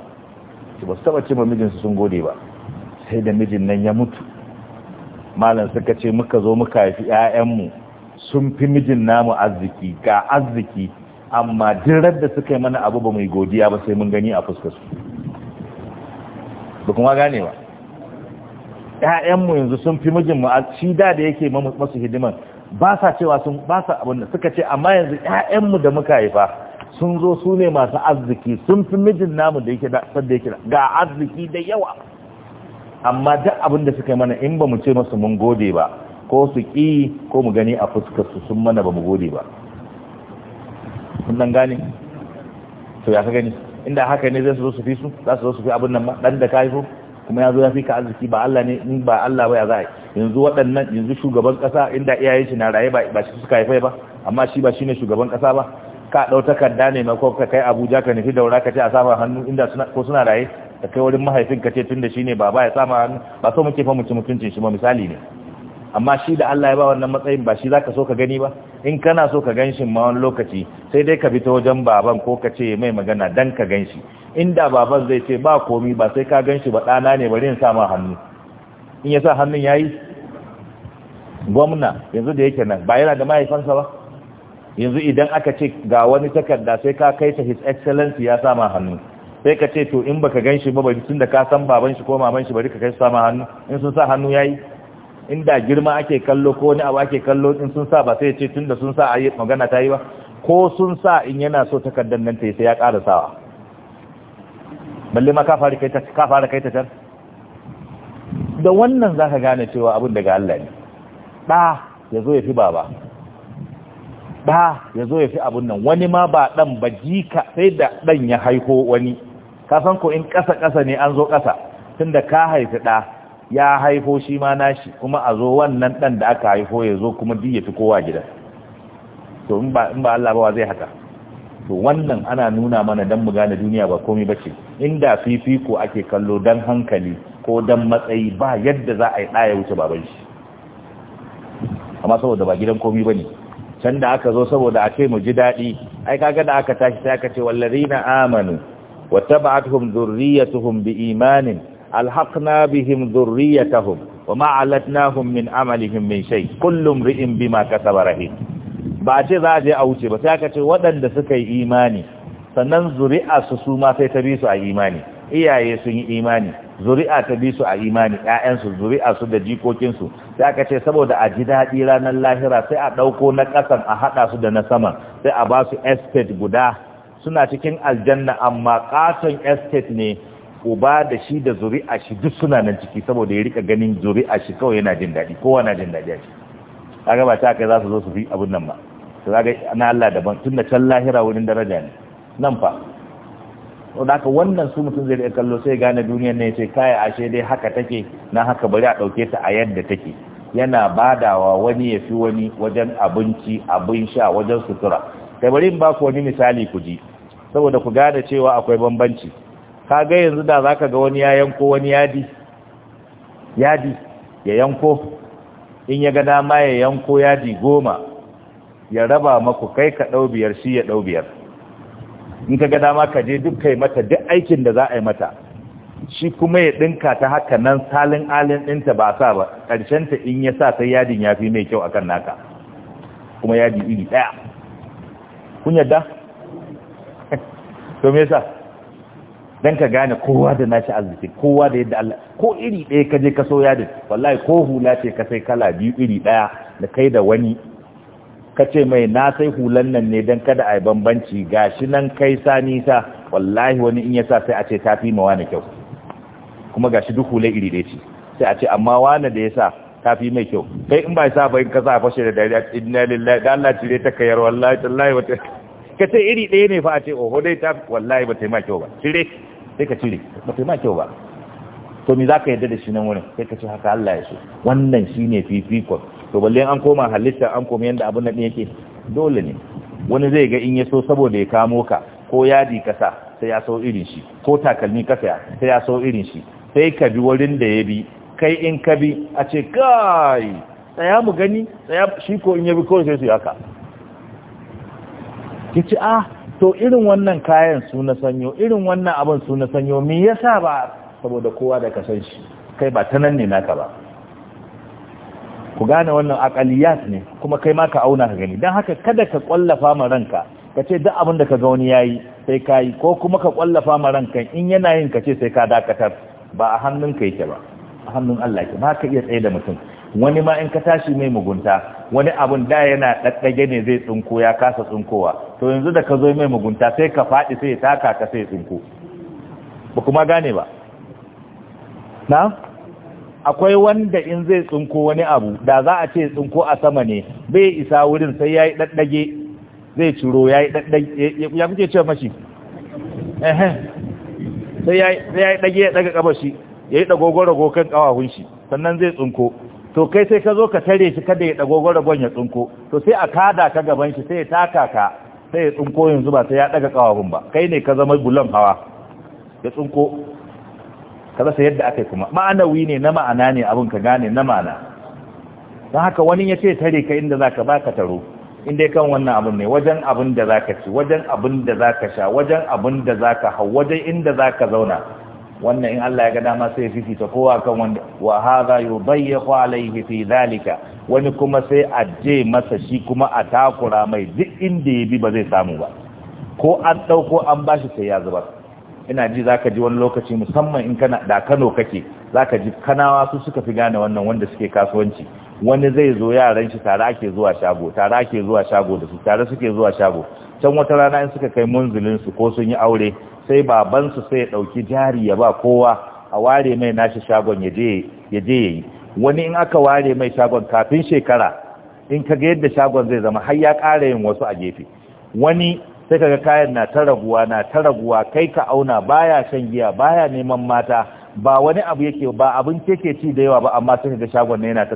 ki ba su taba ce ma mijinsu sun gode ba sai da mijin nan ya mutu malam suka ce muka zo muka haifi ƴaƴanmu sun fi mijin namu arziki ga arziki amma dirar da suka yi mana abu ba mai godiya ba sai mun gani a fuskar su ba kuma gane ba ƴaƴanmu yanzu sun fi mijin mu shi da da yake masu hidiman ba sa cewa sun ba sa abin suka ce amma yanzu ƴaƴanmu da muka haifa sun zo su ne masu arziki sun fi mijin namu da yake da yake ga arziki da yawa amma duk abin da suka yi mana in ba mu ce masu mun gode ba ko su ƙi ko mu gani a fuskarsu sun mana ba mu gode ba nan gane to ya ka gani inda haka ne zai su zo su fi su za su zo su fi abin nan ba dan da ka haifo kuma ya zo ya fi ka arziki ba Allah ne in ba Allah ba ya za yanzu waɗannan yanzu shugaban ƙasa inda iyayen shi na raye ba ba shi suka haifa ba amma shi ba shine shugaban ƙasa ba ka ɗau takarda ne ma ko ka kai Abuja ka nufi daura ka ce a sama hannu inda ko suna raye ka kai wurin mahaifin ka ce tun da shi ne baba ya sama hannu ba so muke famuci mutuncin shi ma misali ne amma shi da Allah ya ba wannan matsayin ba shi za ka so ka gani ba in kana so ka shi ma wani lokaci sai dai ka bi ta wajen baban ko ka ce mai magana dan ka ganshi inda baban zai ce ba komi ba sai ka ganshi ba ɗana ne bari in sa ma hannu in ya sa hannun yayi gwamna yanzu da yake nan ba yana da mahaifansa ba yanzu idan aka ce ga wani takarda sai ka kai ta his excellency ya sa hannu sai ka ce to in baka ganshi ba tun tunda ka san baban shi ko maman shi bari ka kai sama hannu in sun sa hannu yayi inda girma ake kallo ko wani abu ake kallo in sun sa ba sai ya ce tunda sun sa ayi magana ta yi ba ko sun sa in yana so takardar nan ta yi sai ya ƙara sawa balle ma ka fara kai ta ka fara kai ta tar da wannan zaka gane cewa abin daga Allah ne da zo ya fi baba da ya zo ya fi abun nan wani ma ba ɗan ba jika sai da ɗan ya haiko wani ka san ko in ƙasa ƙasa ne an zo ƙasa tunda ka haifi ɗa ya haifo shi ma nashi kuma a zo wannan ɗan da aka haifo ya zo kuma duk ya fi kowa gida to in ba Allah ba zai haka to wannan ana nuna mana dan mu gane duniya ba komai bace inda fifiko ake kallo dan hankali ko dan matsayi ba yadda za a yi ɗaya wuce baban shi amma saboda ba gidan komai bane can da aka zo saboda a ce mu ji daɗi ai kaga da aka tashi sai aka ce wallazina amanu وتبعتهم ذريتهم بإيمان ألحقنا بهم ذريتهم وما علتناهم من عملهم من شيء كل امرئ بما كسب رهين ba ce za a je a wuce ba sai aka ce waɗanda suka yi imani sannan zuri'a su su ma sai ta bi su a imani iyaye sun yi imani zuri'a ta bi su a imani ƴaƴansu zuri'a su da jikokinsu sai aka ce saboda a ji daɗi ranar lahira sai a ɗauko na ƙasan a haɗa su da na saman sai a ba su estate guda suna cikin aljanna amma katon estate ne uba da shi da zuri'a shi duk suna nan ciki saboda ya rika ganin zuri'a shi kawai yana jin daɗi kowa na jin daɗi shi kaga ba ta kai za su zo su fi abun nan ba to kaga na Allah daban tunda can lahira wurin daraja ne nan fa to da haka wannan su mutum zai rika kallo sai gane duniyar ne sai kai ashe dai haka take na haka bari a dauke ta a yadda take yana badawa wani ya fi wani wajen abinci abin sha wajen sutura kai bari ba ku wani misali ku ji saboda ku gane cewa akwai bambanci ka ga yanzu da zaka ga wani ya yanko wani yadi yadi ya yanko in ya ga ma ya yanko yadi goma ya raba maku kai ka ɗau biyar shi ya ɗau biyar in ka ga ma ka je duk kai mata duk aikin da za a yi mata shi kuma ya ɗinka ta haka nan salin alin ɗinta ba sa ba ta in ya sa sai yadin ya fi mai kyau akan naka kuma yadi iri ɗaya kun yadda to me yasa dan ka gane kowa da nashi arziki kowa da yadda Allah ko iri ɗaya ka je ka so ya din wallahi ko hula ce ka sai kala biyu iri ɗaya da kai da wani ka ce mai na sai hulan nan ne dan kada a yi bambanci gashi nan kai sa nisa wallahi wani in yasa sai a ce ta fi ma wani kyau kuma gashi duk hulan iri ɗaya ce sai a ce amma wani da yasa ta fi mai kyau kai in ba ya sa ba in ka sa fashe da dariya inna lillahi da Allah cire ta kayar wallahi tallahi wata ka ce iri ɗaya ne fa a ce oho dai ta wallahi ba ta yi ma kyau ba cire sai ka cire ba ta yi ma kyau ba to me za ka yarda da shi nan wurin sai ka ce haka Allah ya so wannan shi ne fifikon to balle an koma halitta an koma yadda abin nan yake dole ne wani zai ga in ya so saboda ya kamo ka ko yadi kasa sai ya so irin shi ko takalmi kasa sai ya so irin shi sai ka bi wurin da ya bi kai in ka bi a ce kai tsaya mu gani tsaya shi ko in ya bi kawai sai su yi haka ki ci ah to irin wannan kayan su na sanyo irin wannan abin su na sanyo me yasa ba saboda kowa da ka san shi kai ba ta ne naka ba ku gane wannan akaliyat ne kuma kai ma ka auna ka gani don haka kada ka kwallafa ma ranka ka ce duk abin da ka ga wani yayi sai ka yi ko kuma ka kwallafa ma ranka in yana yin ka ce sai ka dakatar ba a hannun ka yake ba a hannun Allah ke ba ka iya tsaye da mutum wani ma in ka tashi mai mugunta wani abun da yana daddage ne zai tsinko ya kasa tsinkowa to yanzu da ka zo mai mugunta sai ka faɗi sai taka ka sai tsinko ba kuma gane ba na akwai wanda in zai tsinko wani abu da za a ce tsinko a sama ne bai isa wurin sai ya yi daddage zai ciro ya yi daddage ya kuke cewa mashi sai ya yi dage ya daga kabashi ya yi dagogoro kan kawahun shi sannan zai tsinko to kai sai ka zo ka tare shi kada ya dago gwarabon ya tsinko to sai a kada ka gaban shi sai ya taka ka sai ya tsinko yanzu ba sai ya daga kawabun ba kai ne ka zama bulan hawa ya tsinko ka rasa yadda aka kuma ma'anawi ne na ma'ana ne abin ka gane na ma'ana don haka wani ya ce tare ka inda za ka ba ka taro inda ya kan wannan abin ne wajen abin da za ka ci wajen abin da za ka sha wajen abin da za ka hau wajen inda za ka zauna wannan in Allah ya ga dama sai ya fifita kowa kan wanda wa hadha yudayyaqu alayhi fi zalika wani kuma sai a je masa shi kuma a takura mai duk inda ya bi ba zai samu ba ko an dauko an bashi sai ya zubar ina ji zaka ji wani lokaci musamman in kana da Kano kake zaka ji kanawa su suka fi gane wannan wanda suke kasuwanci wani zai zo yaran shi tare ake zuwa shago tare ake zuwa shago da su tare suke zuwa shago can wata rana in suka kai munzulin su ko sun yi aure sai babansu sai ya ɗauki jari ya ba kowa a ware mai nashi shagon ya je ya yi wani in aka ware mai shagon kafin shekara in ka ga yadda shagon zai zama har ya ƙara yin wasu a gefe wani sai ga kayan na ta raguwa na ta raguwa kai ka auna baya shan giya baya neman mata ba wani abu yake ba abin keke ci da yawa ba amma sai ga shagon ne yana ta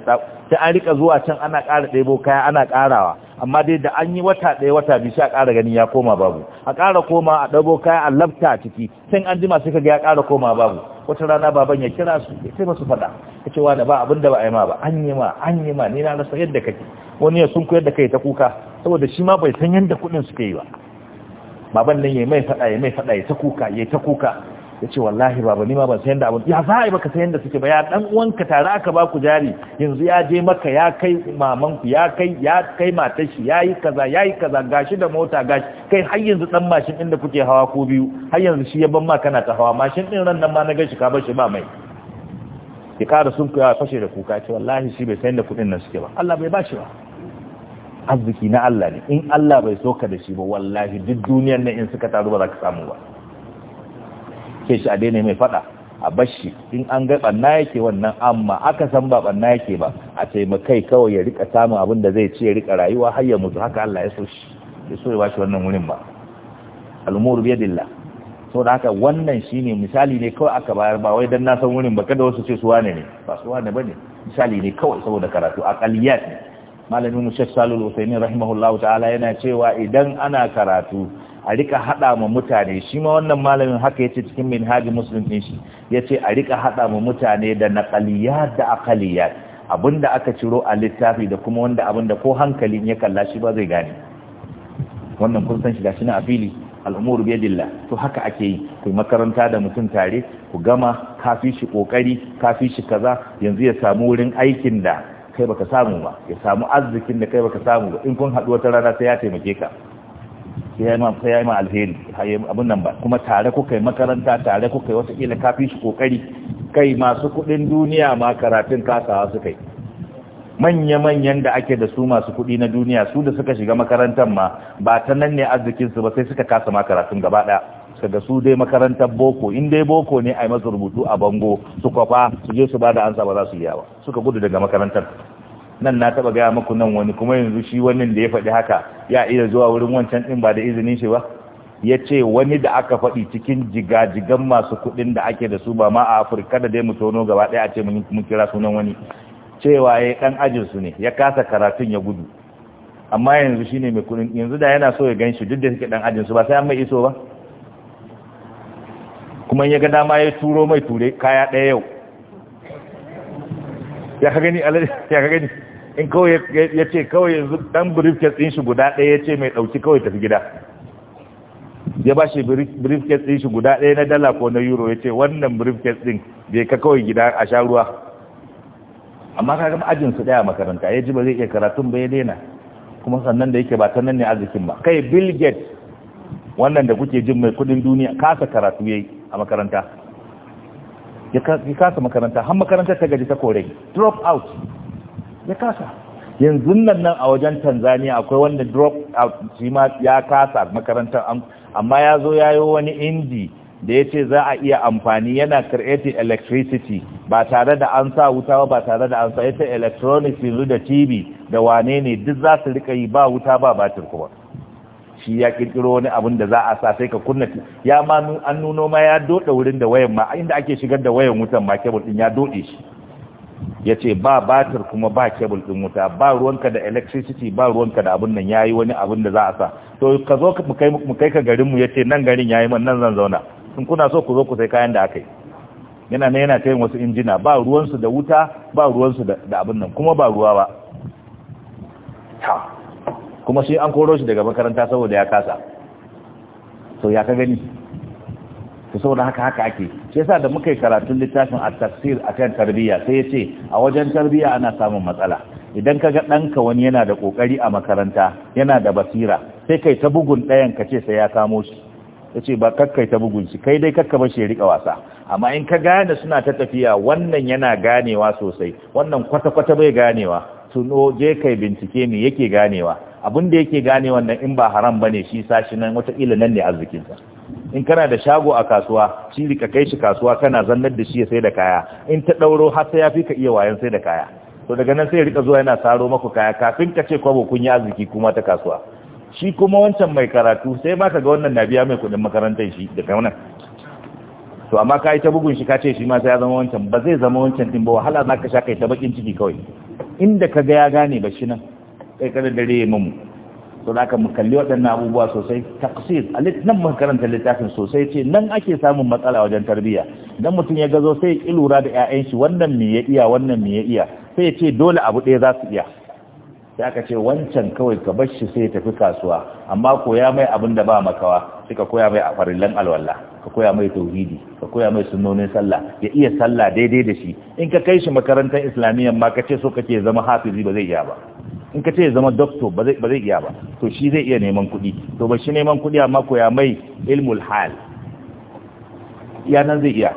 ta an rika zuwa can ana ƙara ɗebo kaya ana ƙarawa amma dai da an yi wata ɗaya wata biyu sai a ƙara gani ya koma babu a ƙara koma a ɗago kaya a labta a ciki sai an jima suka ga ya ƙara koma babu wata rana baban ya kira su ya taimaka masu faɗa ka ce wani ba abin da ba a yi ma ba an yi ma an yi ma ni na rasa yadda kake wani ya sun koyar da kai ta kuka saboda shi ma bai san yadda kuɗin suke yi ba baban nan ya yi mai faɗa ya mai faɗa ya ta kuka ya ta kuka ya ce wallahi baba nima ba ban sayan da abin ya za a yi baka sayan da suke ba ya dan uwanka tare aka ba ku jari yanzu ya je maka ya kai mamanku ya kai ya kai matar shi ya yi kaza ya yi kaza gashi da mota gashi kai har yanzu dan mashin din da kuke hawa ko biyu har yanzu shi ya ban ma kana ta hawa mashin din ran nan ma na gashi ka bar shi ba mai ki kara sun ya fashe da kuka ce wallahi shi bai sayan da kuɗin nan suke ba Allah bai ba shi ba arziki na Allah ne in Allah bai soka da shi ba wallahi duk duniyar nan in suka taru ba za ka samu ba ke shi a daina mai fada a bashi in an ga banna yake wannan amma aka san ba banna yake ba a taimakai kawai ya rika samun abin da zai ci ya rika rayuwa har ya mutu haka Allah ya so shi ya so ya bashi wannan wurin ba al'umur biyadillah so da haka wannan shine misali ne kawai aka bayar ba wai dan na san wurin ba kada wasu ce su wane ne ba su wane bane misali ne kawai saboda karatu aqaliyat ne malamin mushaf salul usaimin rahimahullahu ta'ala yana cewa idan ana karatu a rika haɗa ma mutane shi ma wannan malamin haka ya ce cikin minhaji muslim din shi yace a rika haɗa ma mutane da naqaliyat da aqaliyat abinda aka ciro a littafi da kuma wanda abinda ko hankalin ya kalla shi ba zai gane wannan kun san shi gashi na afili al'umur biyadillah to haka ake yi ku makaranta da mutum tare ku gama kafi shi kokari kafi shi kaza yanzu ya samu wurin aikin da kai baka samu ba ya samu arzikin da kai baka samu ba in kun haɗu wata rana sai ya taimake ka sai ya yi ma alheri abin nan ba kuma tare kuka yi makaranta tare kuka yi wata kila kafin shi kokari kai masu kuɗin duniya ma karatun kasawa suka yi manya-manyan da ake da su masu kuɗi na duniya su da suka shiga makarantar ma ba ta nan ne arzikinsu ba sai suka kasa makaratun gaba daya suka su dai makarantar boko in dai boko ne a yi masu rubutu a bango su kwafa su je su ba da ansa ba za su yi yawa suka gudu daga makarantar nan na taba gaya muku nan wani kuma yanzu shi wannan da ya faɗi haka ya iya zuwa wurin wancan ɗin ba da izinin shi ba ya ce wani da aka faɗi cikin jigajigan masu kuɗin da ake da su ba ma a afirka da dai mu tono gaba ɗaya a ce mun kira sunan wani cewa ya ɗan su ne ya kasa karatun ya gudu amma yanzu shine mai kuɗin yanzu da yana so ya gan shi duk da suke ɗan su ba sai an mai iso ba kuma ya ga dama ya turo mai ture kaya ɗaya yau ya ka gani ya ka gani in kawai ya ce kawai yanzu dan briefcase ɗin shi guda ɗaya ya ce mai ɗauki kawai tafi gida ya ba shi briefcase ɗin shi guda ɗaya na dala ko na euro ya ce wannan briefcase ɗin bai ka kawai gida a sha ruwa amma ka gama ajin su ɗaya makaranta ya ji ba zai iya karatun ba ya daina kuma sannan da yake ba ta nan ne arzikin ba kai bill gates wannan da kuke jin mai kudin duniya kasa karatu yayi a makaranta ya kasa makaranta har makarantar ta gaji ta kore drop out ya kasa yanzu nan nan a wajen tanzania akwai wanda drop shi ma ya kasa makarantar amma ya zo ya yi wani indi da ya ce za a iya amfani yana creating electricity ba tare da an sa wuta ba tare da an sa ita electronics yanzu da tv da wane ne duk za su rika yi ba wuta ba batir kuma shi ya kirkiro wani abin da za a sa sai ka kunna ya ma an nuno ma ya doda wurin da wayan ma inda ake shigar da wayan wutan ma kebul din ya dode shi ya ce ba batir kuma ba kebul ɗin wuta ba ruwanka da electricity ba ruwanka da abin nan ya yi wani abin da za a sa to ka zo mu kai ka garinmu ya ce nan garin ya yi man nan zan zauna sun kuna so ku zo ku sai kayan da aka yi yana ne yana tayin wasu injina ba ruwansu da wuta ba ruwansu da abin nan kuma ba ruwa ba ta kuma sai an koro shi daga makaranta saboda ya kasa to ya ka gani to saboda haka haka ake shi yasa da muka yi karatun littafin a tafsir kan tarbiyya sai ya ce a wajen tarbiyya ana samun matsala idan ka ga ɗanka wani yana da ƙoƙari a makaranta yana da basira sai kai ta bugun ɗayan ka ce sai ya kamo shi ce ba kakkai ta bugun shi kai dai kakka bashi ya riƙa wasa amma in ka gane suna ta tafiya wannan yana ganewa sosai wannan kwata kwata bai ganewa tuno je kai bincike ne yake ganewa abin da yake ganewa nan in ba haram bane shi sashi nan wata nan ne arzikinsa in kana da shago a kasuwa shi rika kai shi kasuwa kana zannar da shi ya sai da kaya in ta ɗauro har sai ya fi ka iya wayan sai da kaya to daga nan sai ya rika zuwa yana saro maku kaya kafin ka ce kwabo kun yi arziki kuma ta kasuwa shi kuma wancan mai karatu sai ba ka ga wannan na biya mai kuɗin makarantar shi da wannan to amma ka yi ta bugun shi ka ce shi ma sai ya zama wancan ba zai zama wancan din ba wahala za ka sha kai ta bakin ciki kawai inda ka ga ya gane ba shi nan kai kada dare ya mamu sau da mu kalli waɗannan abubuwa sosai taksir nan mun karanta littafin sosai ce nan ake samun matsala wajen tarbiyya idan mutum ya gazo sai ya lura da 'ya'yan shi wannan mai ya iya wannan me ya iya sai ya ce dole abu ɗaya za su iya sai aka ce wancan kawai ka bar shi sai ya tafi kasuwa amma koya mai abin da ba makawa sai ka koya mai a farillan alwala ka koya mai tauhidi ka koya mai sunnonin sallah ya iya sallah daidai da shi in ka kai shi makarantar islamiyya ma ka ce so kake zama hafizi ba zai iya ba in ka ce zama doctor ba zai iya ba to shi zai iya neman kuɗi to ba shi neman kuɗi amma koya mai ilmul hal ya nan zai iya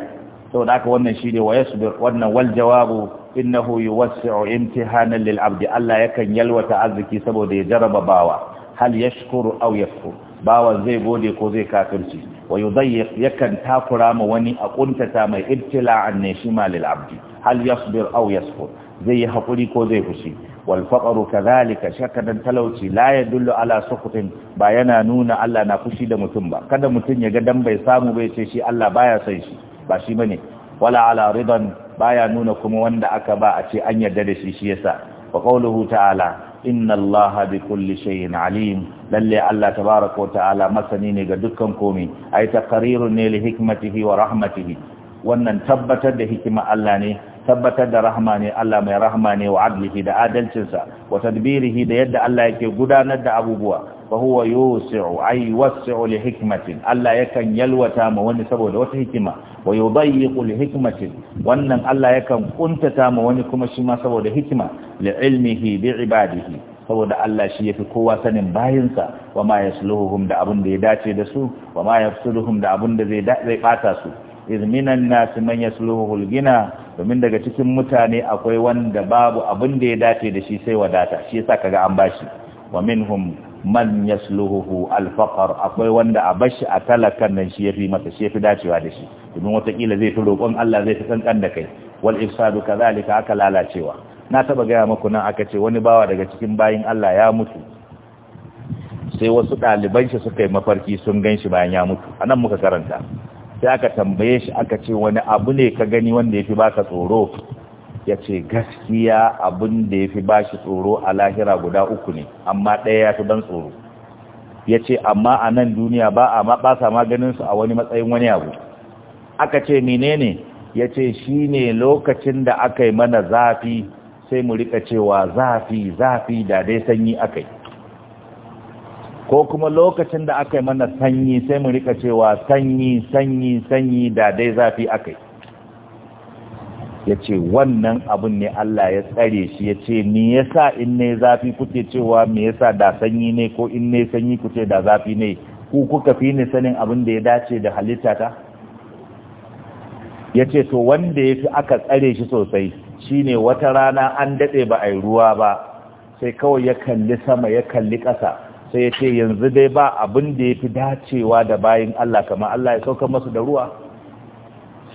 saboda haka wannan shi ne wa yasbir wannan wal jawabu innahu yuwassi'u imtihanan lil abdi Allah yakan yalwata arziki saboda ya jaraba bawa hal yashkuru aw yakfur bawa zai gode ko zai kafirci wa yudayyiq yakan takura ma wani a mai ibtila'an ne shi ma lil abdi hal yasbir aw yasfur zai yi hakuri ko zai fushi wal faqru kadhalika shakadan talauci la yadullu ala sukutin ba yana nuna Allah na fushi da mutum ba kada mutum ya ga dan bai samu bai ce shi Allah baya son shi ba shi bane wala ala ridan baya nuna kuma wanda aka ba a ce an yarda da shi shi yasa wa qawluhu ta'ala inna allaha bi kulli shay'in alim lalle allah tabaaraka wa ta'ala masani ne ga dukkan komai ai taqrirun ne li hikmatihi wa rahmatihi wannan tabbatar da hikima Allah ne tabbatar da rahma ne Allah mai rahma ne wa adlihi da adalcinsa wa tadbirihi da yadda Allah yake gudanar da abubuwa fa huwa yusi'u ay yusi'u li hikmatin Allah yakan yalwata ma wani saboda wata hikima wa yudayyiqu li hikmatin wannan Allah yakan kuntata ma wani kuma shi ma saboda hikima li ilmihi bi ibadihi saboda Allah shi yafi kowa sanin bayinsa wa ma yasluhum da abun da ya dace da su wa ma yafsuluhum da abun da zai zai bata su minan nas man yasluhul gina domin daga cikin mutane akwai wanda babu abun da ya dace da shi sai wadata shi yasa kaga an bashi wa minhum man yasluhu al-faqr akwai wanda a bashi a talakan nan shi yafi masa shi yafi dacewa da shi domin watakila zai fi roƙon Allah zai fi kankan da kai wal ifsadu kadhalika aka lalacewa na taba gaya muku nan aka ce wani bawa daga cikin bayin Allah ya mutu sai wasu ɗaliban shi suka yi mafarki sun gan shi bayan ya mutu anan muka karanta sai aka tambaye shi aka ce wani abu ne ka gani wanda yafi baka tsoro ya ce gaskiya abin da ya fi ba shi tsoro a lahira guda uku ne amma ɗaya ya fi ban tsoro ya ce amma a nan duniya ba a maɓasa maganinsu a wani matsayin wani abu aka ce menene ya ce shi ne lokacin da aka yi mana zafi sai mu rika cewa zafi zafi da dai sanyi aka yi ko kuma lokacin da aka yi mana sanyi sai mu rika cewa sanyi sanyi sanyi da dai zafi aka yi ya ce wannan abin ne Allah ya tsare shi ya ce me yasa in ne zafi kuke cewa me yasa da sanyi ne ko in ne sanyi kuce da zafi ne ku kuka fi ni sanin abin da ya dace da halitta ta ya ce to wanda ya fi aka tsare shi sosai shine wata rana an daɗe ba a yi ruwa ba sai kawai ya kalli sama ya kalli ƙasa sai ya ce yanzu dai ba abin da ya fi dacewa da bayan Allah kamar Allah ya sauka masu da ruwa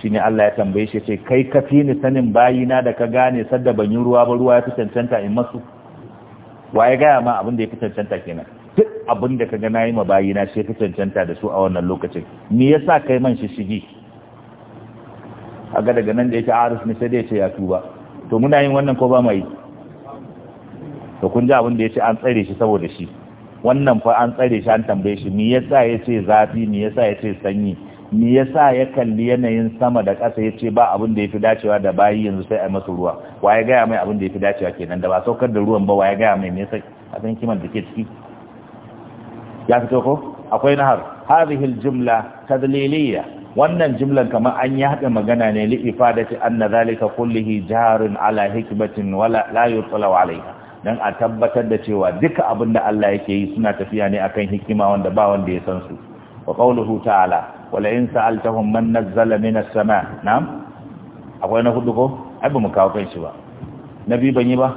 ne Allah ya tambaye shi ce kai ka fi ni sanin bayina da ka gane sadda ban yi ruwa ba ruwa ya fi cancanta in masu wa ya gaya ma abin da ya fi cancanta kenan duk abin da ka ga nayi ma bayina shi ya fi cancanta da su a wannan lokacin me yasa kai man shi shigi aga daga nan da yake arif ne sai da yace ya tuba to muna yin wannan ko ba mu yi to kun ji abin da yace an tsare shi saboda shi wannan fa an tsare shi an tambaye shi me yasa yace zafi me yasa yace sanyi me yasa ya kalli yanayin sama da ƙasa ya ce ba abin da ya fi dacewa da bayi yanzu sai a masu ruwa wa ya gaya mai abin da ya fi dacewa kenan da ba saukar da ruwan ba wa ya gaya mai me yasa a san kiman da ke ciki ya fito ko akwai nahar hadhihi aljumla tadliliyya wannan jumlan kamar an yi haɗa magana ne li ifadati anna zalika kullihi jarun ala hikmatin wala la yutla alaiha dan a tabbatar da cewa duka abin da Allah yake yi suna tafiya ne akan hikima wanda ba wanda ya san su wa qawluhu ta'ala wala in sa'altahum man nazzala minas sama na'am akwai na hudu ko ai ba mu kawo kai shi ba nabi ban yi ba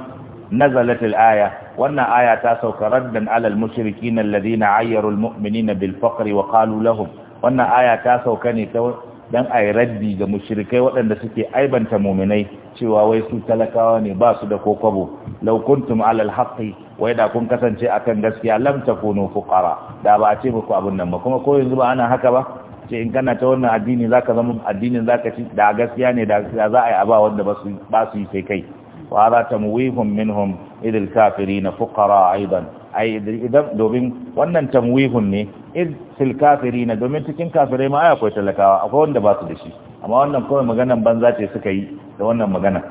nazalatil aya wannan aya ta sauka raddan alal na alladhina ayyaru almu'minina bil faqri wa qalu lahum wannan aya ta sauka ne ta dan ai raddi ga mushrikai waɗanda suke aibanta mu'minai cewa wai su talakawa ne ba su da kokwabo. law kuntum alal haqqi wai da kun kasance akan gaskiya lam takunu fuqara da ba a ce muku abun nan ba kuma ko yanzu ba ana haka ba ce in gana ta wannan addini zaka zama addinin zaka ci da gaskiya ne da za a yi aba wanda ba su ba su yi sai kai wa hadha tamwihum minhum idil kafirina fuqara aidan ai idan domin wannan tamwihun ne idil kafirina domin cikin kafirai ma akwai talakawa akwai wanda ba su da shi amma wannan kawai maganan banza ce suka yi da wannan magana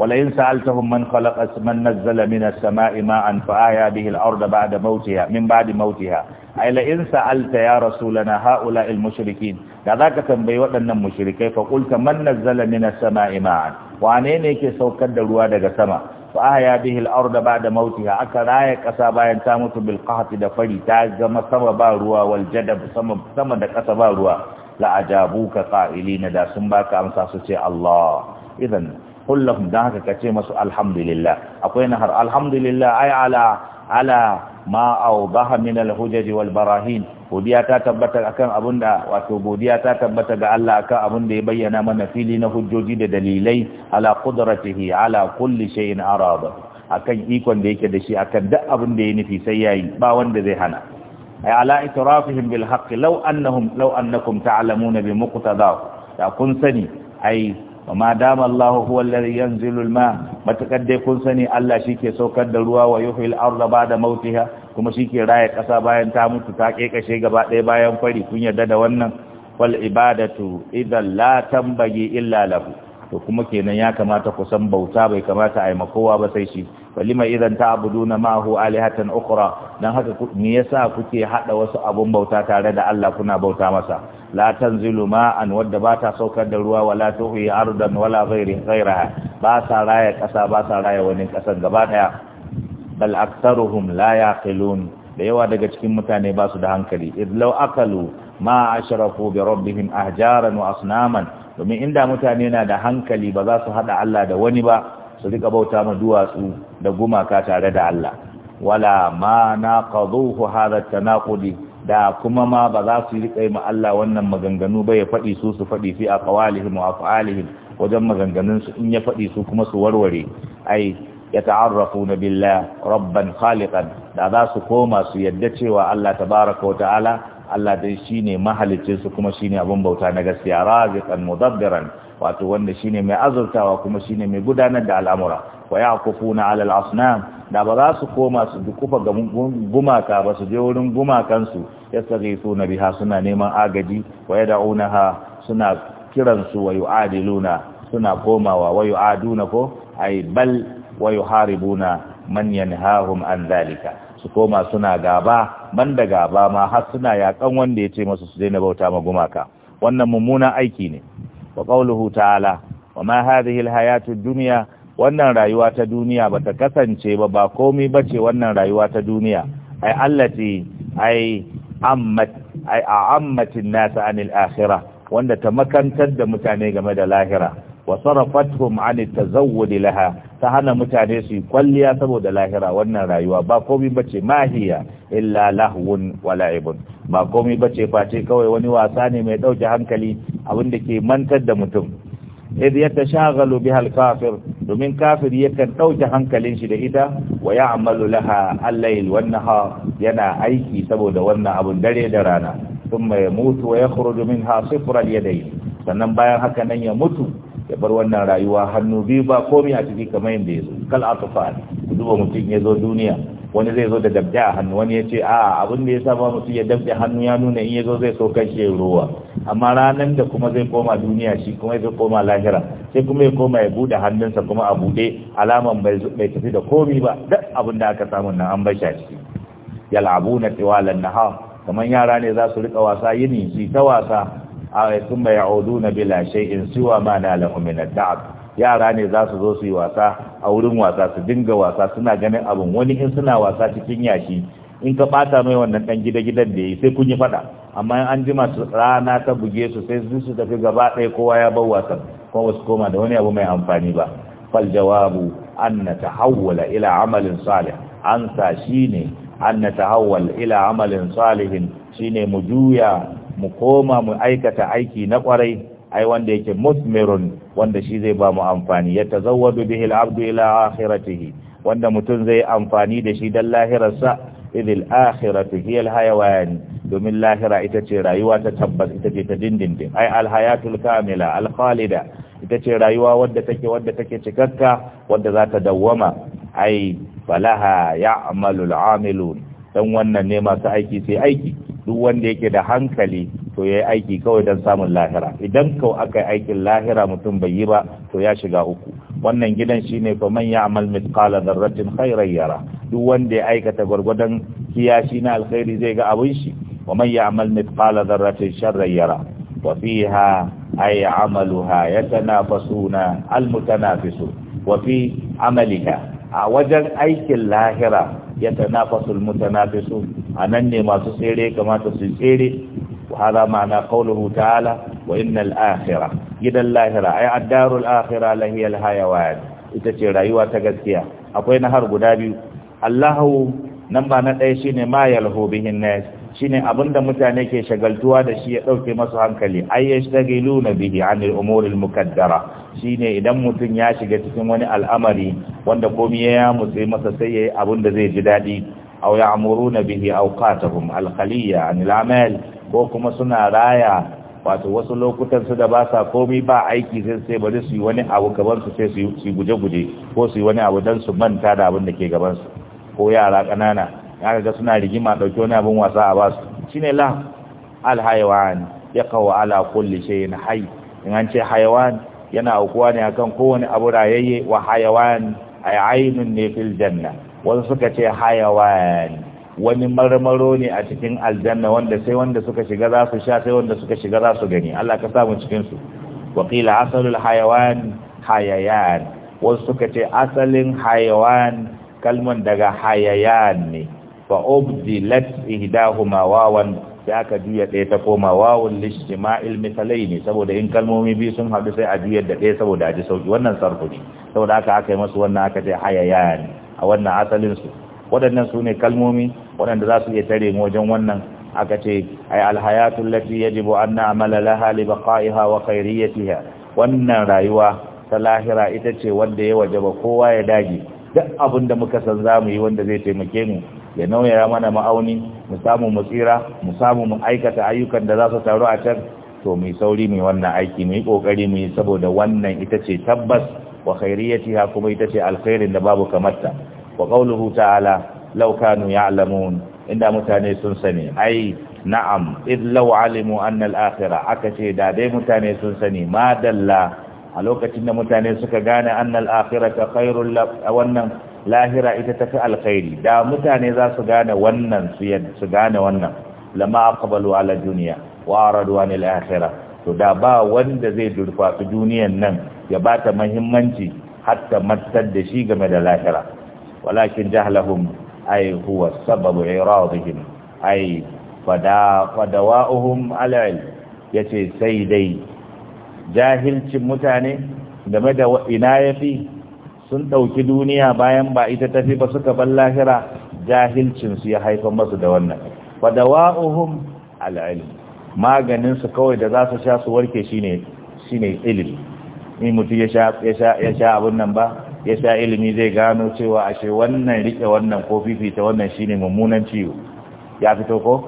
ولئن سألتهم من خلق من نزل من السماء ماء فآيا به الأرض بعد موتها من بعد موتها aila in sa'alta ya rasulana haula al mushrikin da zaka tambayi waɗannan mushrikai fa qulta man nazzala min as-sama'i ma'an wane ne yake saukar da ruwa daga sama fa ahya bihi al-ard ba'da mautiha aka raya kasa bayan ta mutu bil qahti da fari ta zama sama ba ruwa wal jadab sama sama da kasa ba ruwa la ajabuka qa'ilina da sun baka amsa su ce Allah idan kullum dan haka kace masu alhamdulillah akwai nahar alhamdulillah ay ala ala ma hujjaji min al wal godiya ta tabbata akan abunda wato godiya ta tabbata ga Allah akan abunda ya bayyana mana fili na hujjoji da dalilai ala qudratihi ala kulli shay'in arada akan ikon da yake da shi akan duk abin da ya nufi sai yayi ba wanda zai hana ay ala itrafihim bil haqq law annahum law annakum ta'lamuna bi muqtadahu da kun sani ai Madamallahu ma yanzu lulma huwa alladhi dai kun sani Allah shike saukar da ruwa wa yuhil arda ba'da mautiha kuma shike raye kasa bayan ta mutu ta kekashe gaba ɗaya bayan fari kun yarda da wannan wal ibadatu idan la tambagi illa lahu to kuma kenan ya kamata ku san bauta bai kamata a yi makowa ba sai shi walima idan ta'buduna ma'ahu alihatan ukhra dan haka me yasa kuke hada wasu abun bauta tare da Allah kuna bauta masa la tanzilu ma'an wadda ba ta saukar da ruwa wala tuhi ardan wala ghairi ghairaha ba sa raya kasa ba sa raya wani kasan gaba daya bal aktharuhum la yaqilun da yawa daga cikin mutane ba su da hankali id law akalu ma ashraku bi rabbihim ahjaran wa asnaman domin inda mutane na da hankali ba za su hada Allah da wani ba su rika bauta ma duwatsu da gumaka tare da Allah wala ma naqaduhu hadha tanaqudi da kuma ma ba za su riƙa yi Allah wannan maganganu ba ya faɗi su su faɗi fi a kawalihim wa fa'alihim wajen maganganunsu in ya faɗi su kuma su warware ai ya ta'arrafu na billah rabban khaliqan da za su koma su yadda cewa Allah tabaraka wa ta'ala Allah dai shine mahalicin su kuma shine abin bauta na gaskiya raziqan mudabbiran wato wanda shine mai azurtawa kuma shine mai gudanar da al'amura Waya yaqufuna ala al-asnam da ba za su koma su dukufa ga gumaka ba su je wurin gumakan su yastaghithuna biha suna neman agaji wa yad'unaha suna kiran su wa suna komawa wa yu'aduna ko ay bal wa yuharibuna man yanhahum an dhalika su koma suna gaba banda gaba ma har suna yakan wanda ya ce masu su daina bauta ma gumaka wannan mummunan aiki ne wa qawluhu ta'ala wa ma hadhihi al-hayatu ad-dunya wannan rayuwa ta duniya ba ta kasance ba ba komi ba ce wannan rayuwa ta duniya ai allati ai ammat ai a'ammatin nas anil akhirah wanda ta makantar da mutane game da lahira wa sarafatuhum an tazawwud laha ta hana mutane su yi kwalliya saboda lahira wannan rayuwa ba ba bace mahiya illa lahwun wa la'ibun ba komai bace face kawai wani wasa ne mai dauke hankali abinda ke mantar da mutum idh yatashaghalu biha al-kafir domin kafiri yakan dauke hankalin shi da ita wa ya'malu laha al-layl wan yana aiki saboda wannan abun dare da rana thumma yamutu wa yakhruju minha ya yadayhi sannan bayan haka nan ya mutu ya bar wannan rayuwa hannu biyu ba komai a ciki kamar yadda yazo kal atfal duba mutum ya zo duniya wani zai zo da dabbe a hannu wani ya ce a abin da ya saba mutum ya dabbe hannu ya nuna in ya zo zai so kashe ruwa amma ranar da kuma zai koma duniya shi kuma zai koma lahira sai kuma ya koma ya bude hannunsa kuma a bude alaman bai tafi da komi ba duk abin da aka samu nan an ciki. shi yal'abu na tiwalan nahar kamar yara ne za su rika wasa yini shi ta wasa a sun bai ya'udu na bila in siwa ma na lahumina da'a yara ne za su zo su yi wasa a wurin wasa su dinga wasa suna ganin abin wani in suna wasa cikin yashi in ka bata mai wannan dan gida gidan da ya yi sai kun yi fada amma in an jima su rana ta buge su sai su su tafi gaba ɗaya kowa ya bar wasan kuma ba koma da wani abu mai amfani ba fal jawabu an na tahawwala ila amalin salih an sa shine an na tahawwal ila amalin salihin shine mu juya mu koma mu aikata aiki na kwarai ai wanda yake musmirun wanda shi zai ba mu amfani ya tazawwadu bihi al-abdu ila akhiratihi wanda mutum zai amfani da shi dan lahirarsa idil akhiratu hiya al-hayawan domin lahira ita ce rayuwa ta tabbas ita ce ta dindindin ai al-hayatul kamila al-khalida ita ce rayuwa wadda take wadda take cikakka wadda za ta dawwama ai falaha ya'malu al-amilun dan wannan ne masu aiki sai aiki duk wanda yake da hankali to yi aiki kawai don samun lahira idan kau aka yi aikin lahira mutum bai yi ba to ya shiga uku wannan gidan shine kuma man ya'mal mithqala dharratin khairan yara duk wanda ya aikata gwargwadon kiyashi na alkhairi zai ga abin shi wa man ya'mal mithqala dharratin sharran yara wa fiha ay amaluha yatanafasuna almutanafisun wa fi amalika a wajen aikin lahira yatanafasul a anan ne masu tsere kamata su tsere وهذا معنى قوله تعالى وإن الآخرة جدا الآخرة أي الدار الآخرة لهي الحيوان itace rayuwa ta gaskiya akwai na har guda biyu Allahu nan ba na ɗaya shine ma yalhu bihin nas shine abinda mutane ke shagaltuwa da shi ya ɗauke masu hankali ayyash tagiluna bihi anil umuril mukaddara shine idan mutum ya shiga cikin wani al'amari wanda komai ya mutse masa sai yayi da zai ji daɗi. aw ya'muruna bihi awqatahum al-khaliya anil amal ko kuma suna raya wato wasu lokutan su da ba sa komi ba aiki sai sai bari su yi wani abu gaban su sai su yi guje-guje ko su yi wani abu don su manta da abin da ke gaban su ko yara kanana ya ga suna rigima dauke wani abin wasa a basu shine la alhayawan ya kawo ala kulli shayin hay in an ce hayawan yana aukuwa ne akan kowane abu rayayye wa hayawan ay ainun ne fil janna wasu suka ce hayawan wani marmaro ne a cikin aljanna wanda sai wanda suka shiga za su sha sai wanda suka shiga za su gani Allah ka samu cikin su asalin asalul hayawan hayayan wasu suka ce asalin hayawan kalman daga hayayan ne fa ubdilat ihdahuma wawan sai aka juya ɗaya ta koma wawan lishtima'il misalai ne saboda in kalmomi biyu sun haɗu sai a juya da ɗaya saboda a ji sauki wannan sarfu ne saboda aka aka yi masu wannan aka ce hayayan a wannan asalin su waɗannan su ne kalmomi waɗanda za su iya tare mu wajen wannan aka ce ai alhayatul lati yajibu an na'mala laha li baqa'iha wa khairiyatiha wannan rayuwa ta lahira ita ce wanda ya wajaba kowa ya dage duk abin da muka san zamu yi wanda zai taimake mu ya nauyara mana ma'auni mu samu mu tsira mu samu mu aikata ayyukan da za su taru a can to mu sauri mu wannan aiki muyi, kokari mu saboda wannan ita ce tabbas wa khairiyatiha kuma ita ce alkhairin da babu kamarta wa qawluhu ta'ala law kanu ya'lamun inda mutane sun sani ai na'am id alimu annan al aka ce da dai mutane sun sani ma dalla a lokacin da mutane suka gane anna al-akhirata khairul wannan lahira ita tafi alkhairi da mutane za su gane wannan su gane wannan lama aqbalu ala dunya wa aradu an al to da ba wanda zai durfafi duniyan nan ya bata muhimmanci hatta matsar da shi game da lahira walakin jahlahum ai huwa sababu iradihim ai fadawa'uhum al'il yace sai dai jahilcin mutane game da ina yafi sun ɗauki duniya bayan ba ita tafi ba suka bar lahira jahilcin su ya haifa masu da wannan fadawa'uhum al'il maganin su kawai da za su sha su warke shine shine ilimi mutum ya sha abin nan ba ya sha ilimi zai gano cewa ashe wannan rike wannan ko fifita wannan shine mummunan ciwo ya fito ko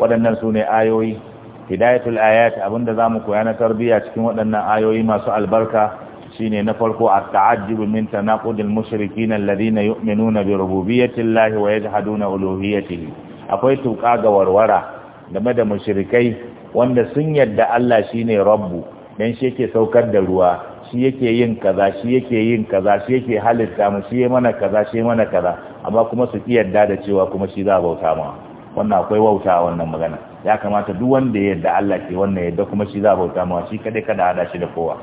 waɗannan su ne ayoyi hidayatul ayat abinda mu koya na tarbiyya cikin waɗannan ayoyi masu albarka shine na farko a taajjub min tanaqudil mushrikeen alladhina yu'minuna bi rububiyyati llahi wa yajhaduna uluhiyyatihi akwai tuƙa ga warwara game da mushrikai wanda sun yadda Allah shine rabbu dan shi yake saukar da ruwa shi yake yin kaza shi yake yin kaza shi yake halitta mu shi mana kaza shi mana kaza amma kuma su ki yarda da cewa kuma shi za a bauta ma wannan akwai wauta wannan magana ya kamata duk wanda ya yarda Allah ke wannan yadda kuma shi za a bauta ma shi kadai kada hada shi da kowa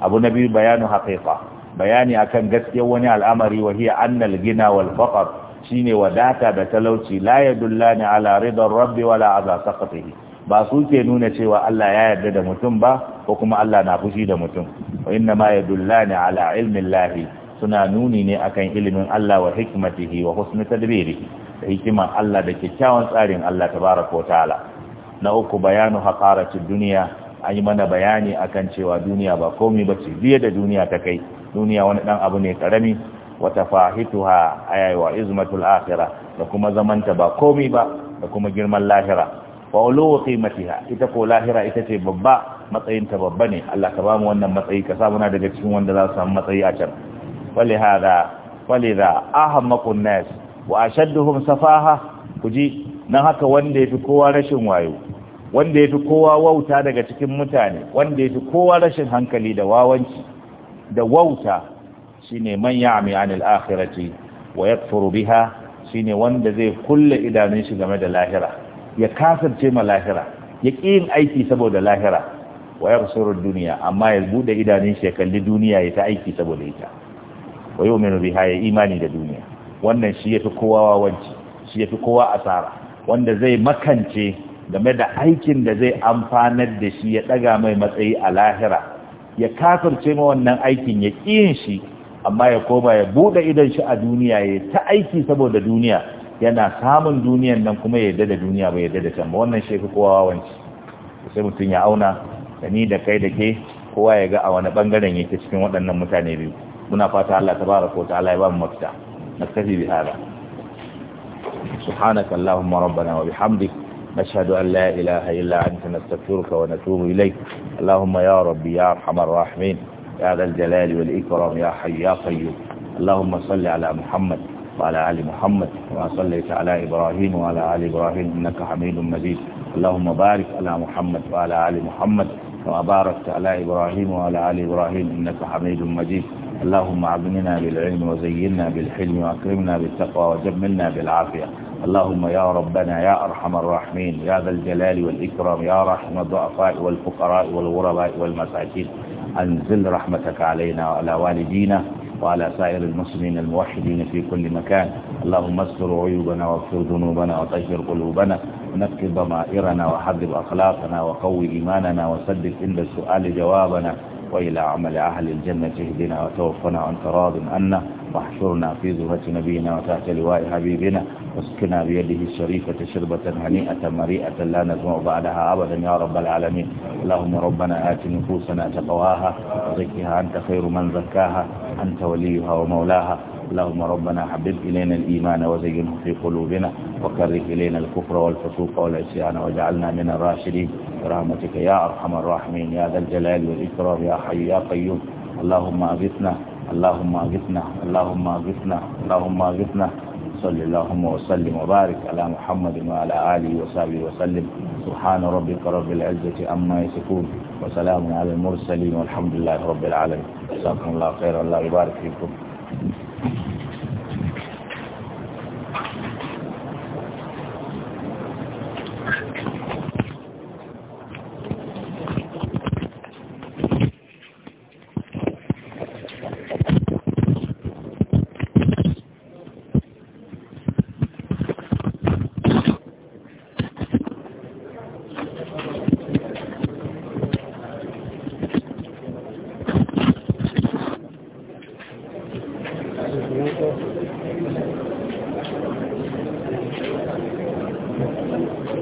abu na biyu bayanu haqiqa bayani akan gaskiyar wani al'amari wa hiya annal gina wal faqr shine wadata da talauci la yadullani ala ridar rabbi wala aza saqatihi ba su ke nuna cewa Allah ya yarda da mutum ba ko kuma Allah na fushi da mutum wa inna ma yadullani ala ilmin lahi suna nuni ne akan ilimin Allah wa hikmatihi wa husni tadbirihi da hikiman Allah da kyakkyawan tsarin Allah tabaraka wa ta'ala na uku bayanu haqarati duniya an yi mana bayani akan cewa duniya ba komai bace biye da duniya ta kai duniya wani dan abu ne karami wa tafahituha aywa izmatul akhirah da kuma zamanta ba komai ba da kuma girman lahira wa ulu qimatiha ita ko lahira ita ce babba matsayin ta babba ne Allah ka bamu wannan matsayi ka sa muna daga cikin wanda za su samu matsayi a can wali hada walidha ahammaqun nas wa ashadduhum safaha kuji nan haka wanda yafi kowa rashin wayo wanda yafi kowa wauta daga cikin mutane wanda yafi kowa rashin hankali da wawanci da wauta shine man ya'mi anil akhirati wa yakfuru biha shine wanda zai kulle idanun shi game da lahira ya kasance ma lahira ya ƙi yin aiki saboda lahira wa surar duniya amma ya bude idanun shi ya kalli duniya ya ta aiki saboda ita wa mai ya imani da duniya wannan shi yafi kowa wawanci shi fi kowa asara wanda zai makance game da aikin da zai amfanar da shi ya ɗaga mai matsayi a lahira ya ce ma wannan aikin ya ƙi yin shi amma ya koma ya buɗe idan shi a duniya ya ta aiki saboda duniya yana samun duniyan nan kuma ya da duniya ba yadda da can ba wannan shefi kowa wawanci sai mutum ya auna da ni da kai da ke kowa ya ga a wani bangaren yake cikin waɗannan mutane biyu muna fata Allah ko ta Allah ya ba mu mafita nastafi bi hada subhanaka allahumma rabbana wa bihamdik nashhadu an la ilaha illa anta nastaghfiruka wa natubu ilayk allahumma ya rabbi ya arhamar rahimin ya dal jalali wal ikram ya hayy ya qayyum اللهم صل على محمد وعلى آل محمد وصليت على إبراهيم وعلى آل إبراهيم إنك حميد مجيد اللهم بارك على محمد وعلى آل محمد كما باركت على إبراهيم وعلى آل إبراهيم إنك حميد مجيد اللهم عظمنا بالعلم وزينا بالحلم وأكرمنا بالتقوى وجملنا بالعافية اللهم يا ربنا يا أرحم الراحمين يا ذا الجلال والإكرام يا رحم الضعفاء والفقراء والغرباء والمساكين أنزل رحمتك علينا وعلى والدينا وعلى سائر المسلمين الموحدين في كل مكان اللهم استر عيوبنا واغفر ذنوبنا وطهر قلوبنا ونقي ضمائرنا وحذب أخلاقنا وقوي إيماننا وسدد عند السؤال جوابنا وإلى عمل أهل الجنة اهدنا وتوفنا وانت راض عنا واحشرنا في زهرة نبينا وتحت لواء حبيبنا واسقنا بيده الشريفة شربة هنيئة مريئة لا نزمع بعدها أبدا يا رب العالمين اللهم ربنا آت نفوسنا تقواها وزكها أنت خير من زكاها أنت وليها ومولاها اللهم ربنا حبب إلينا الإيمان وزينه في قلوبنا وكره إلينا الكفر والفسوق والعصيان واجعلنا من الراشدين برحمتك يا أرحم الراحمين يا ذا الجلال والإكرام يا حي يا قيوم اللهم أغثنا اللهم أغثنا اللهم أغثنا اللهم أغثنا صل اللهم وسلم وبارك على محمد وعلى آله وصحبه وسلم سبحان ربك رب العزة أما يصفون وسلام على المرسلين والحمد لله رب العالمين جزاكم الله خيرا الله يبارك فيكم